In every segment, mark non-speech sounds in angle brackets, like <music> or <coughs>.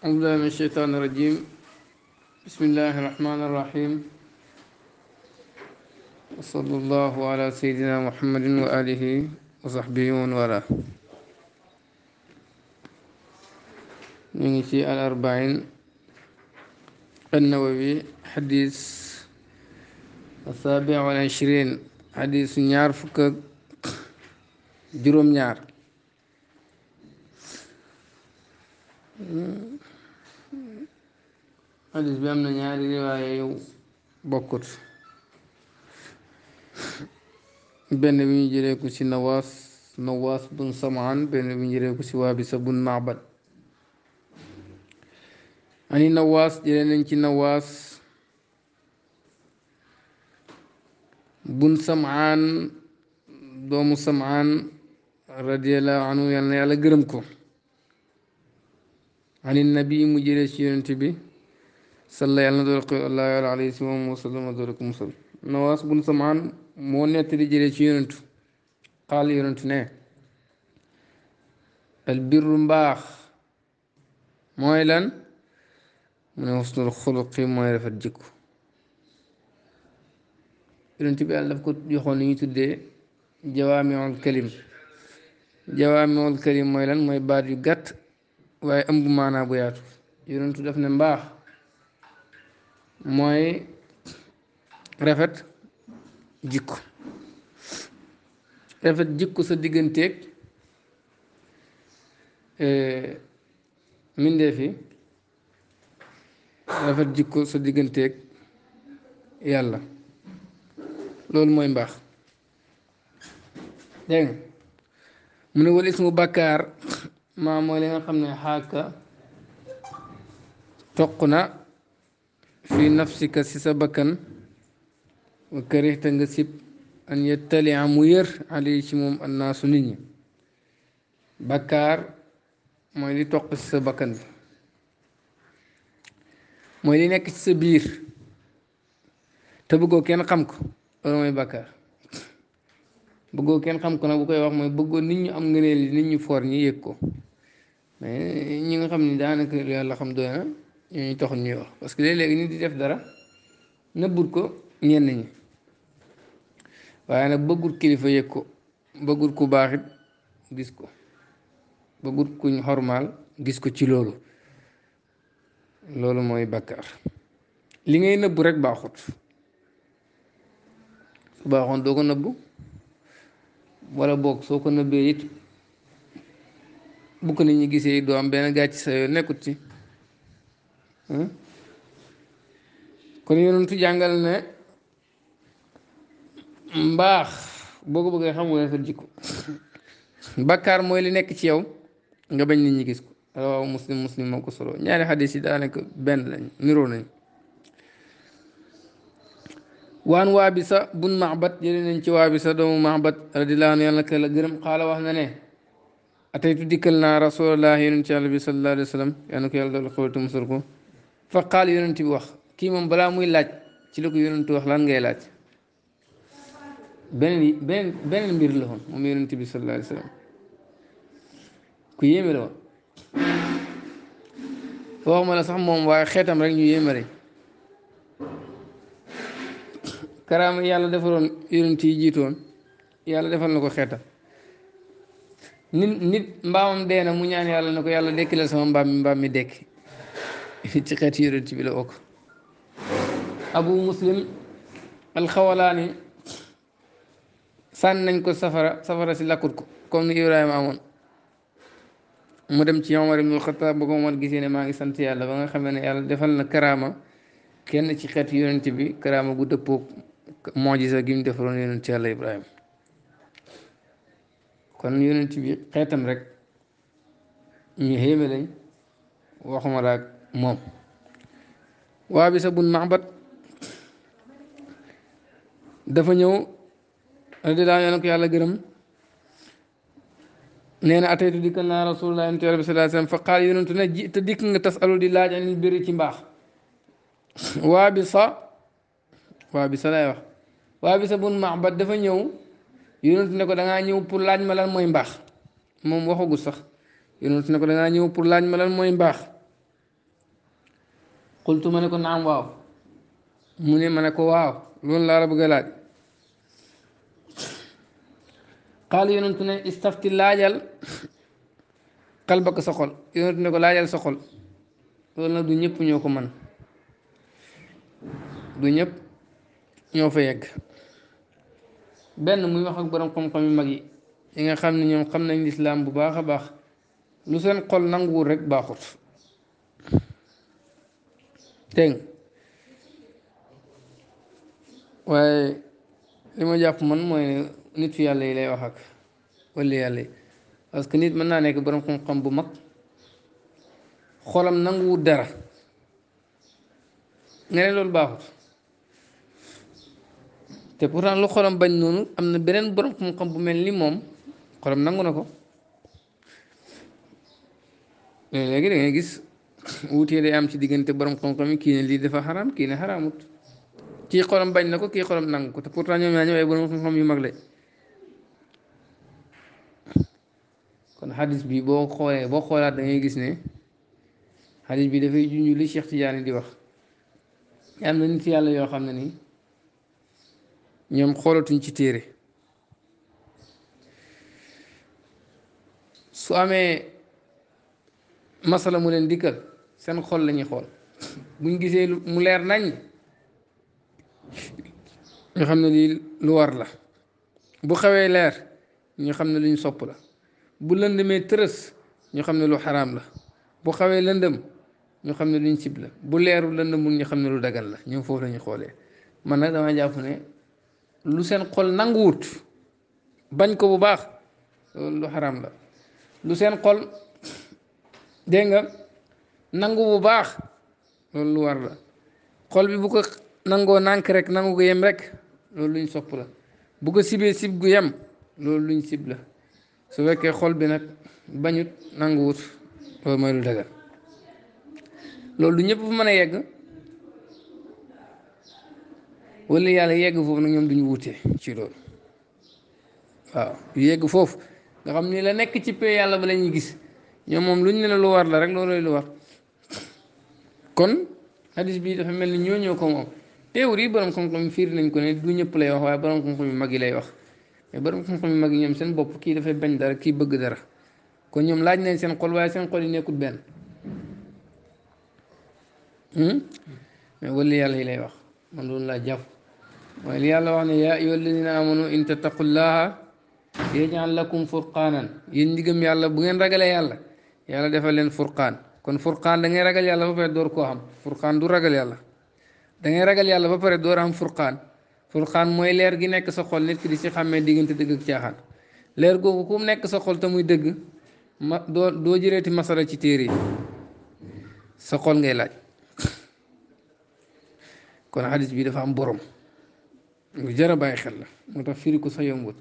أعوذ من الشيطان الرجيم بسم الله الرحمن الرحيم وصلى الله على سيدنا محمد وآله وصحبه ومن والاه نيجي الأربعين النووي حديث السابع والعشرين حديث نيار فك جروم نيار xadis bi am na ñaari riwaaya yu bokkut benn bi ñu jëlee ko ci nawaas nawaas bun samaan benn bi ñu jëlee ko ci waabisa bun maabad ani nawaas jëlee nañ ci nawaas bun samaan doomu samaan radiallahu anhu yàlla na yàlla gërëm ko ani nabi mu jëlee ci yonent bi salla yàlla na doole ko allah yàlla alayhi si moom wasallam a doole ko musal nawaas bun samaan moo nettali jëlee ci yonentu xaal yonentu ne albirru mbaax mooy lan mu ne xusnul xuluqi mooy rafet jikko yonentu bi yàlla daf ko joxoon li ñu tuddee jawaamiul kalim jawaamiul kalim mooy lan mooy baat yu gàtt waaye ëmb maanaa bu yaatu yonentu daf ne mbaax mooy rafet jikko rafet jikko sa digganteeg eh, mbindéef fi rafet jikko sa digganteeg yàlla loolu mooy mbaax dégg nga mu ne wal ismu bàkkaar maa mooy nga xam ne xaaka toq na fii nafsika ci sa bakkan wa karixta nga sib an yettalia mu yër ali ci moom annaasu nit ñi bakkaar mooy li toq si sa bakkan bi mooy li nekk ci sa biir te bëggoo kenn xam ko loolu mooy bakkaar bëggoo kenn xam ko nag bu koy wax mooy bëggoo nit ñu am ngëneel nit ñu for ñi yëg ko mais ñi nga xam ni daanaka yàlla xam doy na ñu taxul ñuy wax parce que léeg-léegi nit di def dara nëbbut ko ñenn ñi waaye nag bëggul kilifa yëg ko bëggul ku baaxit gis ko bëggut kuñ xormaal gis ko ci loolu loolu mooy bàkkaar li ngay nëbbu rek baaxut su baaxoon doo ko nëbbu walla boog soo ko nëbbee it bu ko nit ñi gisee doo am benn gàcc sa yoon nekkut ci Hmm? kon yonentu jàngal ne mbaax boo ko bëggee xamul ne sa jikko <laughs> bakkaar mooy li nekk ci yow nga bañ nit ñi gis ko waaw muslim muslim moo ko solo ñaari xadis yi daanaka benn lañ niroo nañ waan waa bi sa bun maxbat jëlee nañ ci waa bi sa doomu maxbat radiyallaahu anhu yàlla la gërëm xaala wax na ne ataytu dikkal naa rasulallah yonent ci yàlla bi sallallahu alayhi wa sallam yàlla na ko yàlla dool xewatu musal ko fa qaal yonent bi wax kii moom balaa muy laaj ci la ko yonentu wax lan ngay laaj beneen beneen mbir la woon moom yonent bi sallallahu alayhi wa sallam ku yéeme la woon waxuma la sax moom waaye xeetam rek ñu yéeme rek karaama yàlla defaroon yonent yi jiitoon yàlla defal na ko xeetam nit nit mbaamam dee na mu ñaan yàlla na ko yàlla dekkilal sama mbaam mi mbaam mi dekk ci xeeti yonent bi la bokk abu muslim alxawalaani sànni nañ ko safara safara si lakkut ko comme ni ibrahima amoon mu dem ci omar ibnul xataab ba ko omar gisee ne maa ngi sant yàlla ba nga xamee ne yàlla defal na karaama kenn ci xeet yonent bi karaama gu dëppoog mojisa gi mu defaroon yonent yàlla ibrahima kon yonent bi xeetam rek ñu xéeme lañ waxuma laak moom waa bi sa bun maxbat dafa ñëw radiyallaahu ko yàlla gërëm nee na ataytu dikkal naa rasulullah yonent yàlla bi sallallahu alayhi wasallam ne ji te dikk nga tas tasalu di laaj anil birri ci mbaax <laughs> waa bi sa waa bi sa lay wax waa bi sa bun maxbat dafa ñëw yonentu ne ko dangaa ñëw pour laaj ma lan mooy mbaax moom waxagul sax yonentu ne ko dangaa ñëw pour laaj ma lan mooy mbaax qultu ma ne ko naam waaw mu ne ma ne ko waaw loolu laa la bëgg a laaj xaal yonentu ne istafti laajal xalbaka sa xol yonentu ne ko laajal sa xol loolu nag du ñëpp ñoo ko man ñëpp ñoo fa yegg benn muy wax ak borom xam-xam yu mag yi yi nga xam ne ñoom xam nañ lislaam bu baax a baax lu seen xol nanguwul rek baaxut dégg waaye li ma jàpp man mooy nit fi yàlla yi lay wax ak yàlla yi parce que nit mën naa nekk borom xam-xam bu mag xolam nanguwul dara nga ne loolu baaxut te pourtant lu xolam bañ noonu am na beneen borom xam-xam bu mel ni moom xolam nangu na ko léegi da ngay gis. wuutee day am ci diggante borom xam-xam yi kii ne lii dafa xaram kii ne xaramut kii xolam bañ na ko kii xolam nangu ko te pourtant ñoom ñoo ñëwee borom xam-xam yu mag la kon xadis bi boo xoolee boo xoolaat dangay gis ne xadis bi dafay junj li Cheikh Tidiane di wax am na nit yàlla yoo xam ne ni ñoom xoolatuñ ci téere su amee. masala mu leen dikkal seen xol la ñuy xool buñ gisee mu leer nañ ñu xam ne lii lu war la bu xawee leer ñu xam ne lu luñ sopp la bu lëndëmee tërës ñu xam ne lu xaraam la bu xawee lëndëm ñu xam ne luñ sib bu leeru lëndëmul ñu xam ne lu dagal la ñoom foofu lañuy xoolee man nag dama jàpp ne lu seen xol nanguwut bañ ko bu baax loolu lu xaraam la lu seen xol dégg nga nangu bu baax loolu lu war la xol bi bu ko nangoo nank rek nangu gu yem rek loolu luñ sopp la bu ko sibee sib gu yem loolu luñ sib la su fekkee xol bi nag bañut nanguwut loolu mooy lu dagal loolu ñëpp fu mën a yegg wala yàlla yegg foofu nag ñoom duñu wutee ci loolu waaw yegg foofu nga xam ni la nekk ci pee yàlla ba la ñuy gis ñoom moom luñ ne la lu war la rek loolooy lu war kon hadis bii dafa mel ni ñoo ko moom teewul yi borom xam-xam yi nañ ko ñëpp lay wax waaye borom yu mag yi lay wax mag yi ñoom seen bopp kii dafay bañ dara kii bëgg dara kon ñoom laaj nañ seen xol waaye yi nekkul benn hmm? mais wala yàlla lay wax man doon laa jàpp mooy li yàlla wax ne yaa ayyuha alladina amanu in tattaqullaha yaj'al lakum gëm yàlla bu ngeen ragalee yàlla yàlla defal leen furqaan kon furqaan da ngay ragal yàlla ba pare door koo xam furqaan du ragal yàlla da ngay ragal yàlla ba pare door am furqaan furqaan mooy leer gi nekk sa xol nit ki di ci xàmmee diggante dëgg ak caaxaan leer googu ku nekk sa xol te muy dëgg ma doo doo jëreeti masala ci téere yi sa xol ngay laaj kon xadis bi dafa am borom lu jar a bàyyi xel la moo tax firi ko sa yombut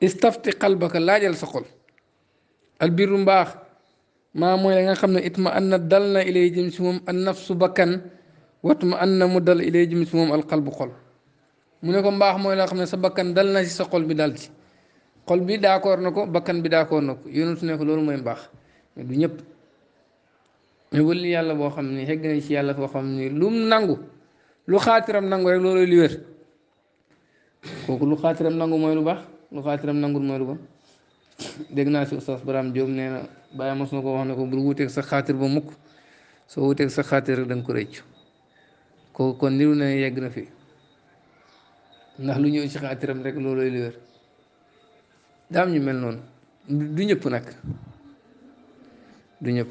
istafti qalbaka laajal sa xol albirru mbaax maa mooy la nga xam ne itma anna dal na ilay jëm si moom an nafsu bakkan watma anna mu dal ilay jëm si moom alqalbu xol mu ne ko mbaax mooy la nga xam ne sa bakkan dal na si sa xol bi dal ci xol bi d'accord na ko bakkan bi d'accord na ko yonentu ne ko loolu mooy mbaax mais du ñëpp mais wëli yàlla boo xam ne xegg na ci yàlla foo xam ne lum nangu lu xaatiram nangu rek loolu li wér kooku lu xaatiram nangu mooy lu baax lu xaatiram nangul mooy lu bon dégg naa si oustaz Baraam Diop nee na bàyyi mos ko wax ne ko bul wuuteeg sa xaatir ba mukk soo wuuteeg sa xaatir rek da ko rëccu kooku kon niru ne yegg na fi ndax lu ñëw ci rek loolooy lu wér ñu mel noonu du ñëpp nag du ñëpp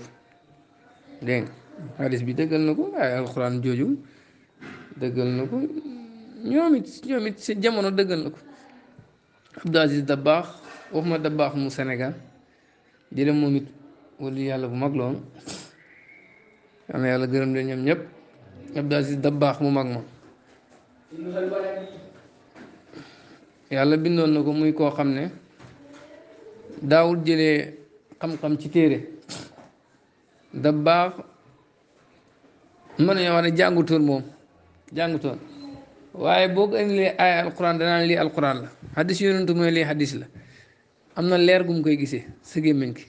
dégg nga xaalis bi dëggal na ko ay alxuraan jooju dëggal na ko ñoom it si jamono dëggal na ko Abdou Aziz Dabaax waxuma dabaax mu senegal jële moom it wali yàlla bu mag loon am yàlla gërëm leen ñoom ñëpp Abdou Aziz Dabaax mu mag moom yàlla bindoon na ko muy koo xam ne daawul jële xam-xam ci téere Dabaax mën nañoo wax ne jàngutoon moom jàngutoon waaye boo ko indilee ay alquran danaan lii alquran la xadis yonentu mooy lii xadis la am na leer gum koy gisee si gémmiñ ki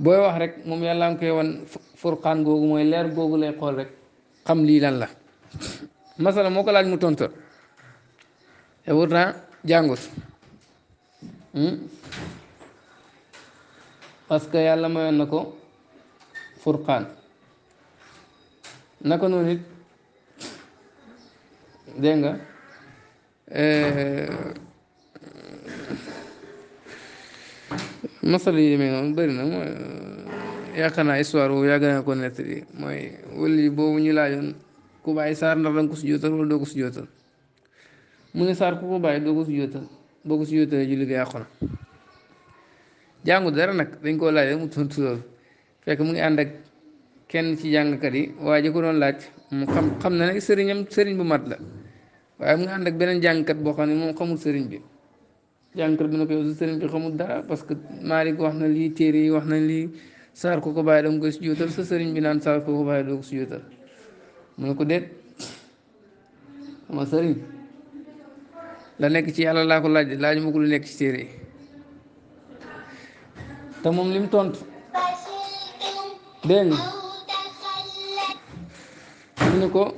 booy wax rek moom yàlla ngi koy wan furqaan googu mooy leer googu lay xool rek xam lii lan la masala moo ko laaj mu tontor te pourtant jàngut hmm? que yàlla mayoon na ko furqaan naka noonu it dégg euh, masal yi demee noonu bëri na mooy eh, yaakaar naa histoire boobu yàgg naa ko nettali mooy wëli boobu ñu laajoon ku bàyyi saar ndax danga ko si jootal wala doo ko si jootal mu ne saar ku ko bàyyi doo ko si jootal boo ko si jootalee julli ga jàngu dara nag dañ koo laaj mu tontu fekk mu ngi ànd ak kenn ci jàngkat yi waaye ji ko doon laaj mu xam xam na ne sëriñam sëriñ bu mat la waaye mu ngi ànd ak beneen jàngkat boo xam ne moom xamul sëriñ bi jànkar bi ne ko sëriñ bi xamul dara parce que Malick wax na lii téere yi wax na lii saar ko ko bàyyi danga koy sujjóotal sa sëriñ bi naan saar ko ko bàyyi doo ko sujjóotal mu la nekk ci yàlla laa laaj laaj nekk ci téere moom lim tontu dégg mu ne ko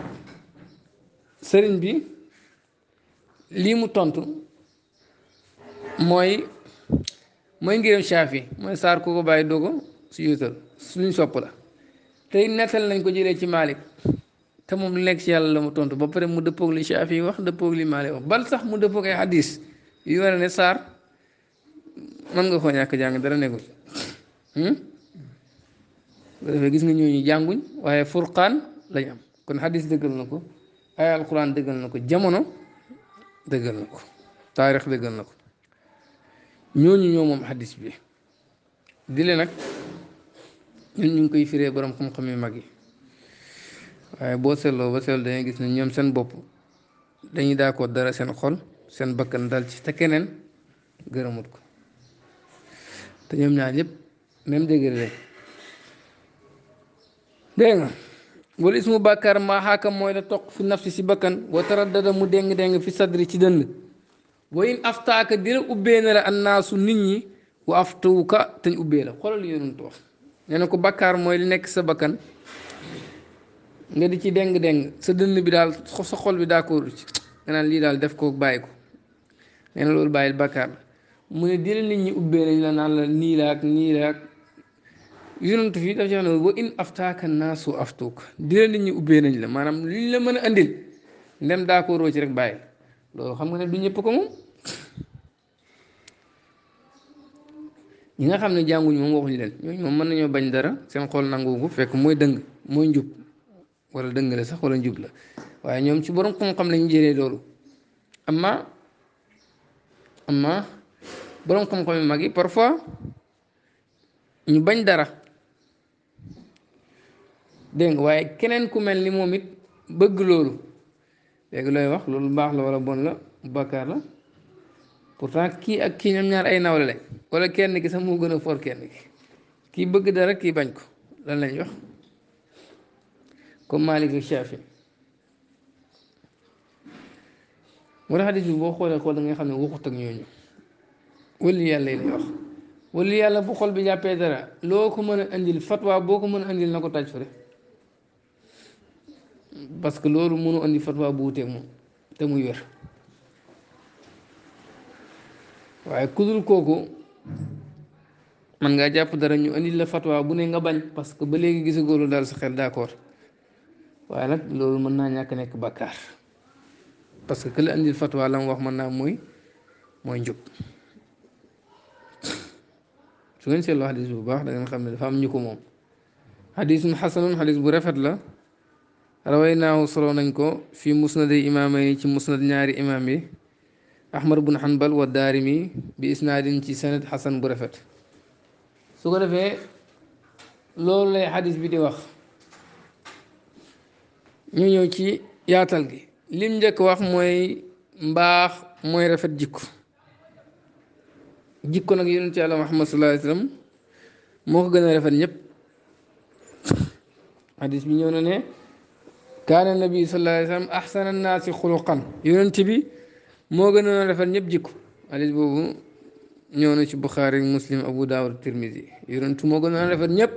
sëriñ bi lii mu tontu mooy mooy ngéem shaafi mooy saar ku ko bàyyi ko su yuutal suñu sopp la tey nettal nañ ko jëlee ci maalik te moom lu nekk ci yàlla la mu tontu ba pare mu dëppoog li shaafi wax dëppoog li Malik wax bal sax mu dëppoog ay hadis yu war ne saar mën nga koo ñàkk jàng dara nekkul hmm? dafay gis nga ñu jànguñ waaye furqaan lañ am kon hadis dëggal na ko ay alquran dëggal na ko jamono dëggal na ko taarix dëggal na ko ñooñu ñoo moom xaddis bi dile nag ñun ñu ngi koy firee borom xam-xam yu mag yi waaye boo seetloo ba seetlu dañuy gis ne ñoom seen bopp dañuy daakoo dara seen xol seen bakkan dal ci te keneen gërëmut ko te ñoom ñaar yëpp même degré rek dégg nga wala ismu bàkkaar maa xaakam mooy la toq fi nafsi si si bakkan wa taraddada mu deng déng fi sadri ci dënd wa in aftaaka dina ubbee na la annaasu nit ñi wa aftuuka te ñu ubbee la xoolal yonent wax ko bakkaar mooy li nekk sa bakkan nga di ci deng-deng sa dënn bi daal sa xol bi d'accord ci nga lii daal def ko bàyyi ko nee na loolu bàyyil bakkaar la nañ la naan nii la ak nii la ak yonent fii daf ci wax naasu aftuuka dina nit ñi ubbee nañ la maanaam liñ la mën a andil ndem d'accord ci rek bàyyi loolu xam nga ne du ñëpp ko moom ñi nga xam ne jànguñu moom waxuñu leen ñooñu moom mën nañoo bañ dara seen xol nangu ko fekk mooy dëng mooy njub wala dëng la sax wala njub la waaye ñoom ci borom xam-xam lañu jëlee loolu amma amma borom xam yu mag yi parfois ñu bañ dara dégg nga waaye keneen ku mel ni moom it bëgg loolu léegi looy wax loolu baax la wala bon la bàkkaar la. pourtant kii ak kii ñoom ñaar ay nawle lañ wala kenn ki sax moo gën a foor kenn ki kii bëgg dara kii bañ ko lan lañ wax comme Malik ak Shafi moo tax xadis boo xoolee xool da nga xam ne waxut ak ñooñu wëllu yàlla yi lay wax wëllu yàlla bu xol bi jàppee dara loo ko mën a indil fatwa boo ko mën a indil na ko tàj fële parce que loolu mënu indi fatwa bu wuteeg moom te muy wér waaye kudul kooku mën ngaa jàpp dara ñu indi la fatwa bu ne nga bañ parce que ba léegi gisagoo lu daal sa xel d'accord waaye nag loolu mën naa ñàkk nekk bàkkaar parce que que la indil fatwa la wax mën naa mooy mooy njub su ngeen seetloo xadis bu baax da xam ne dafa am ñu ko moom xadisun xasanun xadis bu rafet la rawaynaahu solo nañ ko fii musnadi imaamay ci musnad ñaari imaam yi ahmad bun hanbal wa daarimi bi isnaadin ci sanad xasan bu rafet su ko defee loolu lay xadis bi di wax ñu ñëw ci yaatal gi lim njëkk wax mooy mbaax mooy rafet jikko jikko nag yonent yàlla muhammad sallallahu alayhi wasallam moo ko gën a rafet ñëpp xadis bi ñëw na ne kaana nabi sallallahu alayhi wasallam ahsana naasi xuluqan yonent bi moo gën a rafet ñëpp jikko hadis boobu ñoo na ci Buxaari Muslim Abu Daawud Tirmisi yonentu moo gën a rafet ñëpp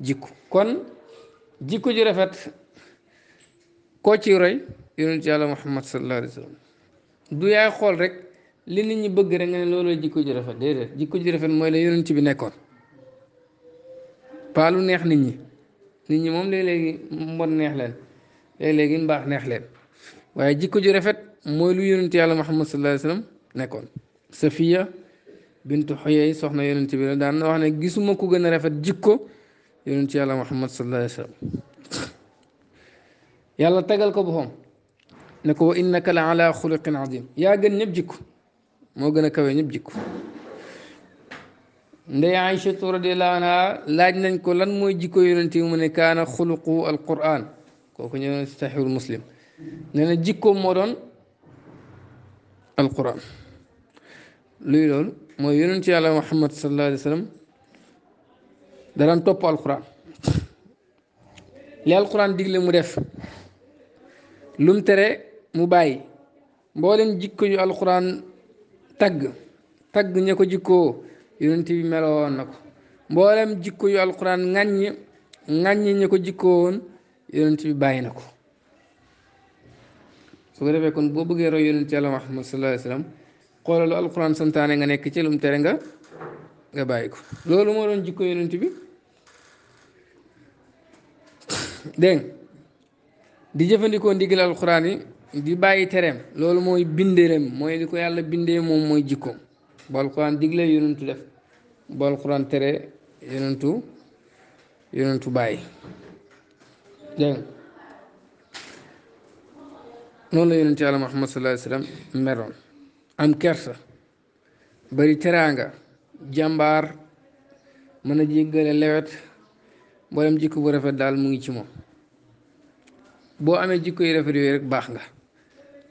jikko kon jikko ji rafet koo ci roy yonentu yàlla Muhammad sallallahu alayhi du yaay xool rek li nit ñi bëgg rek nga jikko ji rafet déedéet jikko ji rafet mooy la yonent bi nekkoon paalu neex nit ñi nit ñi moom léeg-léegi mbon neex leen léegi mbaax neex leen waaye jikko ji rafet mooy lu yonent yàlla Muhammad sallallahu alayhi wa sallam nekkoon Safiya bintu Xuyay soxna yonent bi la daan na wax ne gisuma ku gën a rafet jikko yonent yàlla Muhammad sallallahu alayhi wa sallam yàlla tagal ko boppam ne ko wa innaka la ala xuluqin azim yaa gën ñëpp jikko moo gën a kawee ñëpp jikko ndey Aïchatu radiyallahu anha laaj nañ ko lan mooy jikko yonent yi mu ne kaana xuluqu alquran kooku ñëw na si saxiwul muslim nee na jikkoom moo doon alquran luy loolu mooy yonent yàlla muhammad sallallahu alayhi wa sallam da daan li alquran digle mu def lum tere mu bàyyi mboolem jikko yu alquran tagg tagg ña ko jikkoo yonent bi meloon na ko mboolem jikko yu alquran ŋàññ ŋàññ ña ko jikkoo woon yonent bi bàyyi na ko su ko defee kon boo bëggee roy yonent ci yàlla Muhammad sallallahu alayhi wa santaane nga nekk ci tere nga nga bàyyi ko loolu moo doon jikko yonent bi dégg di jëfandikoo ndigal alquran yi di bàyyi tereem loolu mooy bindeeram mooy li ko yàlla bindee moom mooy jikko bu alquran digle yonentu def bu alquran tere yonentu yonentu bàyyi dégg noonu la yonent yàlla Muhammad sallallahu alayhi wasallam am kersa bari teraanga jàmbaar mën a jéggale lawet mboolem jikko bu rafet daal mu ngi ci moom boo amee jikko yu rafet yooyu rek baax nga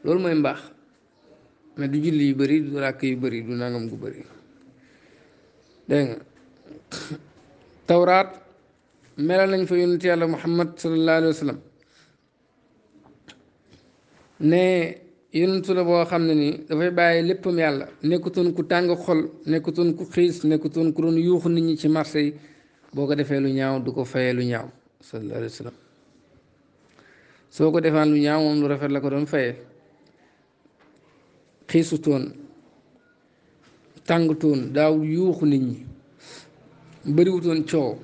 loolu mooy mbaax mais du julli yu bari du ràkk yu bari du nangam gu bari dégg nga tawraat melal nañ fa yonent yàlla Muhammad sallallahu alayhi wasallam ne yonentu la boo xam ne ni dafay bàyyi léppam yàlla nekkutoon ku tàng xol nekkutoon ku xiis nekkutoon ku doon yuuxu nit ñi ci marché yi boo ko defee lu ñaaw du ko fayee lu ñaaw sallallahu alayhi soo ko defaan lu ñaaw moom lu rafet la ko doon fayee xiisutoon tàngutoon daaw yuuxu nit ñi bëriwutoon coow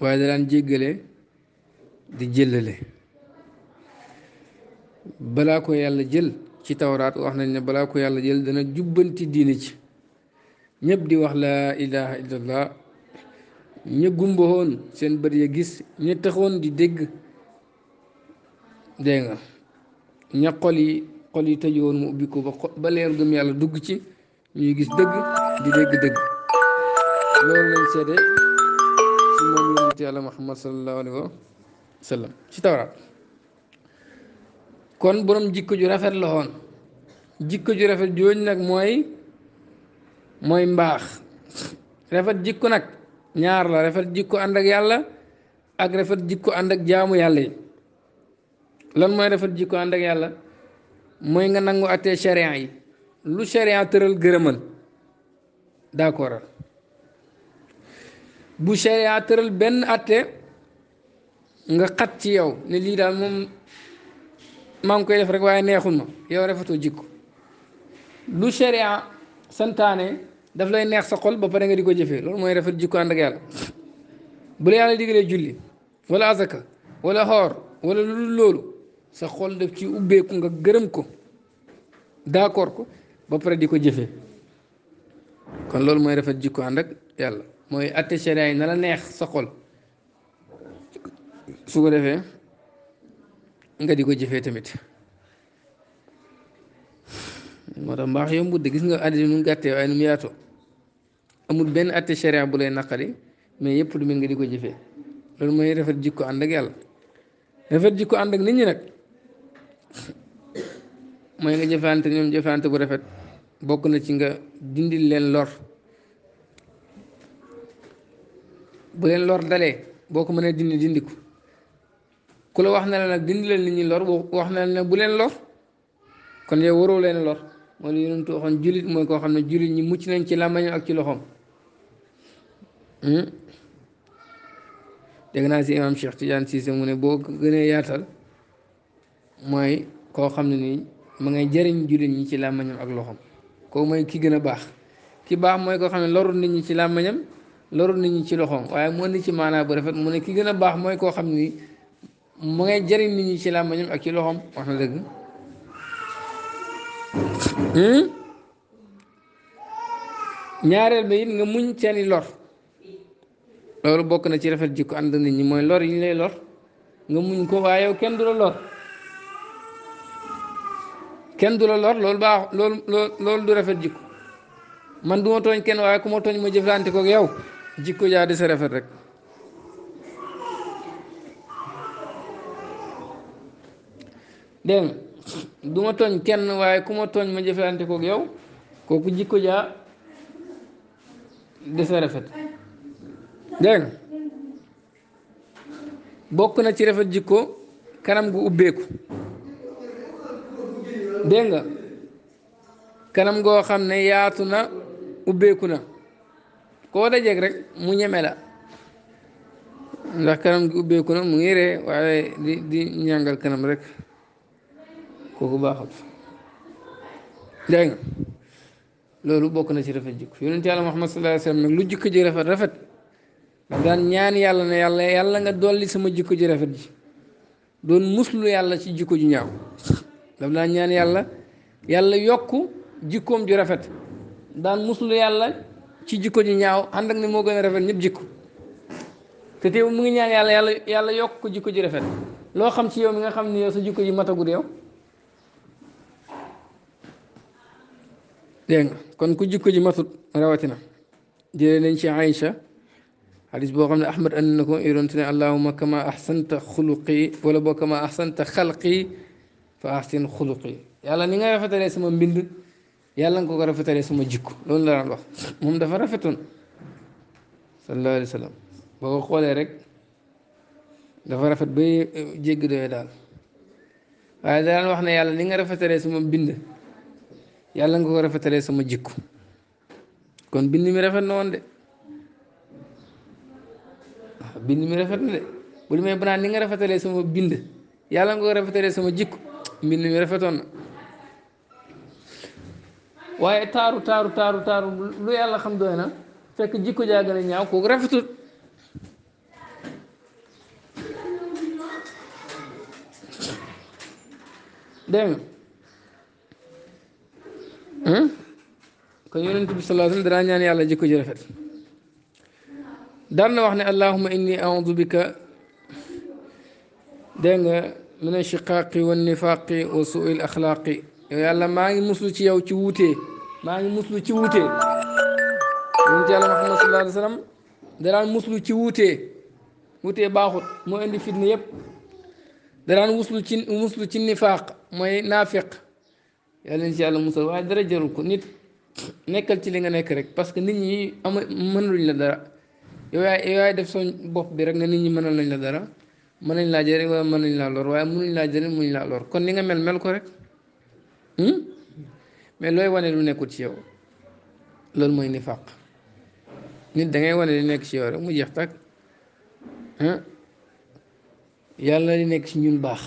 waaye da daan jéggale di jëllale balaa ko yàlla jël ci tawraat wax nañ ne balaa ko yàlla jël dana jubbanti diine ci ñépp di wax laa ilaha illallah ña gumbahoon seen bët ya gis ña taxoon di dégg dégg nga ña xol yi xol yi tëj woon mu ubbi ko yàlla dugg ci ñuy gis dëgg di dégg Muhammad sallallahu alayhi wa ci tawraat kon boroom jikko ju rafet la jikko ju rafet jooju nag mooy mooy mbaax rafet jikko nag ñaar la rafet jikko ànd ak yàlla ak rafet jikko ànd ak jaamu yàlla yi lan mooy rafet jikko ànd ak yàlla mooy nga nangu attee sharia yi lu sharia tëral gërëmal d'accord bu sharia tëral benn atte nga xat ci yow ne lii daal moom maa ngi koy def rek waaye neexul ma yow rafetoo jikko lu sharia santaane daf lay neex sa xol ba pare nga di ko jëfee loolu mooy rafet jikko ànd ak yàlla bu la yàlla digalee julli wala wala xoor wala loolu sa xol daf ci ubbeeku nga gërëm ko d'accord ko ba pare di ko jëfee kon loolu mooy rafet jikko yàlla mooy atte yi na la neex sa xol su ko defee nga di ko jëfee tamit moo tax mbaax yombut de gis nga àddina nu mu gàttee waaye nu mu yaatoo amul benn atte sharia bu lay naqari mais yëpp lu mel nga di ko jëfe loolu mooy rafet jikko ànd ak yàlla rafet jikko ànd ak nit ñi nag mooy nga jëfante ñoom jëfante bu rafet bokk na ci nga dindil leen lor bu leen lor dalee boo ko mënee dindi dindi ko ku la wax na la nag dindi leen nit ñi lor wax na la bu leen lor kon yow waroo leen lor mooy li yonent waxoon jullit mooy koo xam ne jullit ñi mucc nañ ci làmmañam ak ci loxoom hmm? naa si imaam Cheikh boo gënee mooy koo xam ne nii ma ngay jëriñ jullit ñi ci làmmañam ak loxoom mooy ki gën a baax ki baax mooy koo xam ne lorul nit ñi ci làmmañam lorul nit ñi ci loxoom waaye mu indi ci maanaa bu mu ne ki gën a baax mooy koo xam ne mu ngay jëriñ nit ñi ci làmbañam ak ci loxoom wax na dëgg hmm? ñaareel ba it nga muñ seeni lor loolu bokk na ci rafet jikko ànd nit ñi mooy lor yi ñu lay lor nga muñ ko waaye yow kenn du la lor kenn du la lor loolu baax loolu loolu du rafet jikko man du ma tooñ kenn waaye ku ma tooñ ma jëflante koog yow jikko jaa di sa rafet rek dégg nga du kenn waaye ku ma ma jëflante kook yow kooku jikko jaa dese rafet dégg bokk na ci rafet jikko kanam gu ubbeeku dégg nga kanam goo xam ne yaatu na ubbeeku na koo dajeeg rek mu ñeme la ndax kanam gi ubbeeku na mu ngi ree waaye di di ñàngal kanam rek kooku baaxul dégg nga loolu bokk na ci rafet jikko yonent yàlla Muhammad sallallahu alayhi wa sallam nag lu jikko ji rafet rafet daf ñaan yàlla ne yàlla yàlla nga dolli sama jikko ji rafet ji doon muslu yàlla ci jikko ji ñaaw daf daan ñaan yàlla yàlla yokk jikkoom ju rafet daan muslu yàlla ci jikko ju ñaaw ànd ak ne moo gën rafet ñëpp jikko te mu ngi ñaan yàlla yàlla yàlla yokk ko jikko ji rafet loo xam ci yow mi nga xam ne yow sa jikko ji matagu yow dégg nga kon ku jikko ji matut rawatina jëlee nañ ci Aïcha xadis boo xam ne Ahmad and na ko yonent ne allahuma kama ahsanta xuluqi wala boo kama ahsanta xalqi fa ahsin xuluqi yàlla ni nga rafetalee sama mbind yàlla nga ko ko rafetalee sama jikko loolu la daan wax moom dafa rafetoon sallallahu alayhi wa sallam boo ko xoolee rek dafa rafet ba jégg doy daal waaye daan wax ne yàlla ni nga rafetalee sama mbind yàlla nga ko rafetalee sama jikko kon bind mi rafet na woon de ah, bind mi rafet na de bu demee banaan ni nga rafetalee sama bind yàlla nga ko rafetalee sama jikko mbind mi rafetoon na waaye taaru taaru taaru taaru lu yàlla xam doy na fekk jikko jaa gën a ñaaw kooku rafetul dégg kon yonent bi sallallahu alayhi wa sallam danaa ñaan yàlla jikko ji rafet daan na wax ne allahuma inni audu bika dégg nga min ashiqaaqi wa nifaaqi wa suui l axlaaqi yow yàlla maa ngi muslu ci yow ci wuutee maa ngi muslu ci wuutee yonent yàlla Muhammad sallallahu alayhi wa sallam danaan muslu ci wuutee wuutee baaxut moo indi fitna yépp danaan muslu ci muslu ci nifaaq mooy naafiq yàlla nañ ci yàlla musal waaye dara jarul ko nit nekkal ci li nga nekk rek parce que nit ñi ama mënaluñ la dara yow yaay def soo bopp bi rek ne nit ñi mënal nañ la dara mën nañ laa jëriñ wala mën nañ laa lor waaye mënuñ laa jëriñ mënuñ laa lor kon li nga mel mel ko rek hmm? mais looy wane lu nekkul ci yow loolu mooy ni fàq nit dangay wane li nekk ci yow rek mu jeex tak hmm? yàlla li nekk ci ñun baax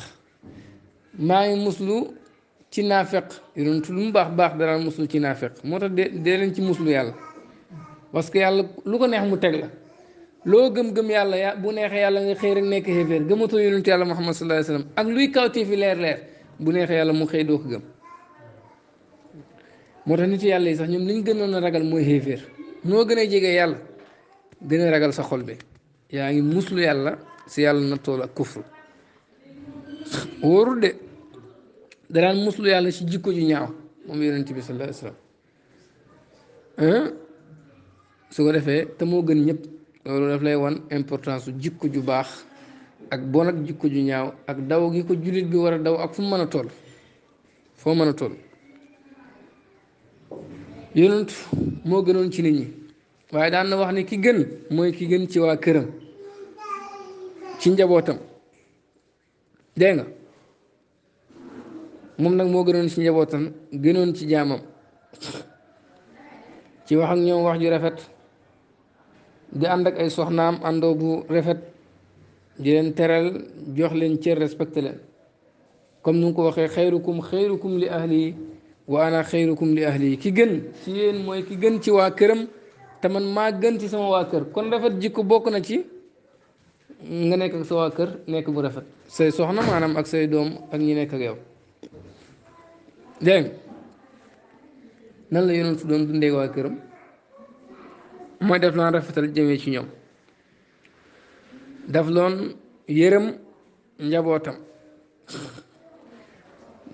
maa ngi muslu ci naafeq yonentu lu mu baax baax danaan muslu ci naafeq moo tax dee leen ci muslu yàlla parce que yàlla lu ko neex mu teg la loo gëm-gëm yàlla ya bu neexee yàlla nga xëy rek nekk xéeféer gëmatoo yonentu yàlla Muhammad sallallahu alayhi wa sallam ak luy kawtee fi leer leer bu neexee yàlla mu xëy doo ko gëm moo tax nit yàlla yi sax ñoom liñ gënoon a ragal mooy xéeféer noo gën a jege yàlla gën a ragal sa xol bi yaa ngi muslu yàlla si yàlla na tool ak kufru wóorul de danaan muslu yàlla ci jikko ju ñaaw moom yonent bi sallallahu alayhi wasallam su ko defee te moo gën ñëpp loolu daf lay wan importance su jikko ju baax ak bon ak jikko ju ñaaw ak daw gi ko jullit bi war a daw ak fu mu mën a toll foo mën a toll yonent moo gënoon ci nit ñi waaye daan na wax ni ki gën mooy ki gën ci waa këram ci njabootam dégg nga moom nag moo gënoon ci njabootam gënoon ci jaamam ci wax ak ñoom wax ju rafet di ànd ak ay soxnaam àndoo bu rafet di leen teral jox leen cër respecté leen comme nu ko waxee xayrukum xayrukum li ahli wa ana xayrukum li ahli ki gën ci yéen mooy ki gën ci waa këram te man maa gën ci sama waa kër kon rafet jikko bokk na ci nga nekk ak sa waa kër nekk bu rafet say soxna maanaam ak say doom ak ñu nekk ak yow dégg nan la yonent doon dundee waa këram mooy def loon rafetal jëmee ci ñoom daf loon yërëm njabootam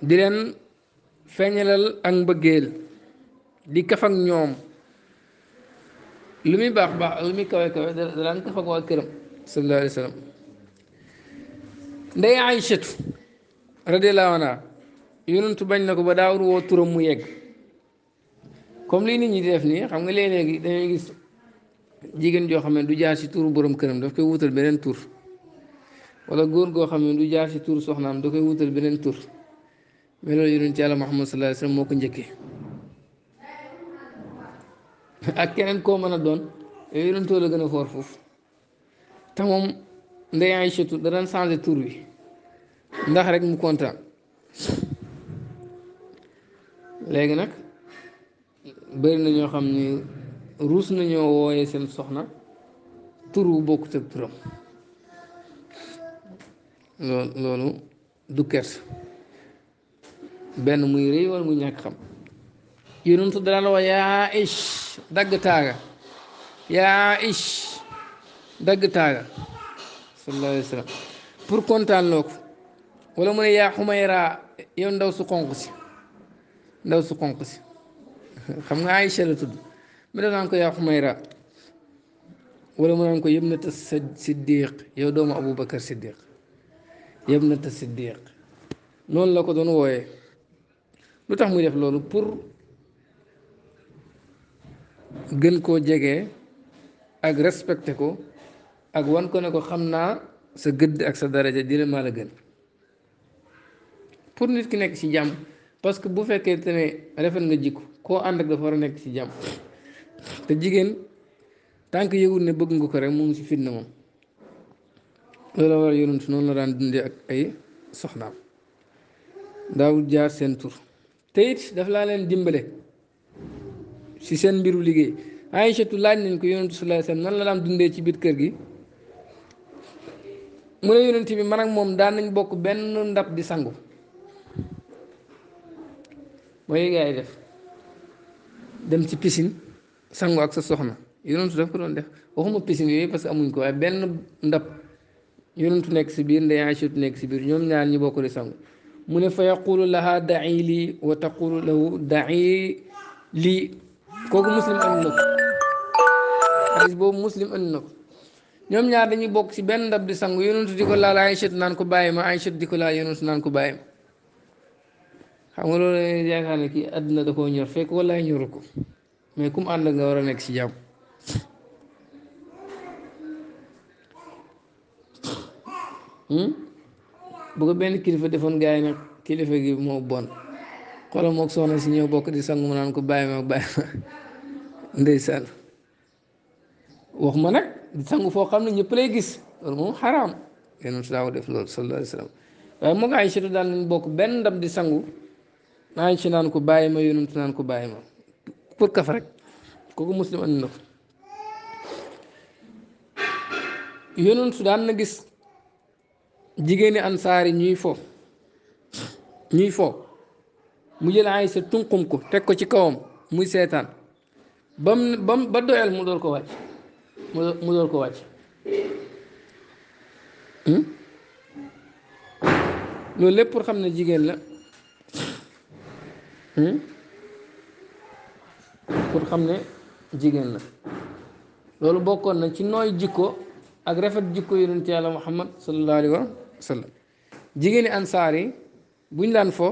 di leen feeñalal ak mbëggeel di kaf ñoom lu muy baax baax lu muy kawe kawe daan kaf ak waa këram sallallahu alayhi ndey Aïchatu radiyallahu anha yonentu bañ na ko ba daawul woo turam mu yegg comme lii nit ñi def nii xam nga léeg-léegi dañuy gis jigéen joo xam ne du jaar ci turu borom këram daf koy wutal beneen tur wala góor goo xam ne du jaar si turu soxnaam da koy wutal beneen tur mais loolu yonent yàlla Muhammad sallallahu alayhi wasallam moo ko njëkkee ak keneen koo mën a doon yonentoo la gën a foor foofu te moom ndey Aysatu da daan changé tur bi ndax rek mu kontaan. léegi nag bëri na ñoo xam ni ruus nañoo wooyee seen soxna turu wu bokkut ak turam loolu loolu du kers benn muy rëy wala muy ñàkk xam yonentu daan wax yaa ish dagg taaga yaa ish dagg taaga sallallahu alayhi wa sallam pour kontaan loo ko wala mu ne yaa xumayraa yow ndaw su xonq si ndaw su xonq si xam nga Aïcha la tudd mu ne naan ko yaa Xumayra wala mu naan ko yabnata siddiq yow doomu Aboubacar Siddiq yabnata siddiq noonu la ko doon wooyee lu tax muy def loolu pour gën koo jege ak respecté ko ak wan ko ne ko xam naa sa gëdd ak sa daraja dina maa la gën pour nit ki nekk ci jàmm. parce que bu fekkee te ne rafet nga jikko koo ànd ak dafa war a nekk ci jàmm te jigéen tànk yëgul ne bëgg nga ko rek mu ngi ci fitna moom loolu la war a yonent noonu la daan dundee ak ay soxnaam daawul jaar seen tur te it daf laa leen dimbale si seen mbiru liggéey Aïchatu laaj nañ ko yonent sallallahu alayhi wasallam nan la daan dundee ci biir kër gi mu ne yonent bi man ak moom daan nañ bokk benn ndab di sangu mooy gaa yi def dem ci piscine sangu ak sa soxna yonentu daf ko doon def waxuma piscine yooyu parce que amuñ ko waaye benn ndab yonentu nekk si biir ndey Aysatu nekk si biir ñoom ñaar ñi bokk di sangu mu ne fa yaqulu laha da'i lii wa taqulu lahu da'i lii kooku muslim andi na ko xadis boobu muslim andi na ko ñoom ñaar dañuy bokk si benn ndab di sangu yonentu di ko laal Aysatu naan ko bàyyi ma Aysatu di ko laal yonentu naan ko bàyyi ma xam nga loolu yaakaar ne kii àddina da koo ñor fekk walaay ñoru ko mais kum ànd nga war a nekk ci jàmm hmm? bu benn kilifa defoon gars yi nag kilifa gi moo bon xoolal mook soxna si ñëw bokk di sangu ma naan ko bàyyi ma bàyyi ma <laughs> ndeysaan wax ma nag di sangu foo xam ne ñëpp lay gis loolu moom xaraam yéen a daaw def loolu sallallahu alayhi wa sallam waaye moog Aïchatu daal bokk benn ndab di sangu. naa ci naan ko bàyyi ma yonent naan ko bàyyi ma pour kaf rek kooku muslim andi na ko yonent daan na gis jigéeni ansaar saari ñuy fo ñuy fo mu jël Aysa tunqum ko teg ko ci kawam muy seetaan ba mu ba mu ba doyal mu door ko wàcc mu door ko wàcc hmm? loolu lépp pour xam ne jigéen la. Hmm? pour xam ne jigéen la loolu bokkoon na ci nooy jikko ak rafet jikko ci yàlla muhammad sallallahu alayhi wa sallam jigéeni ansaar yi buñ daan fo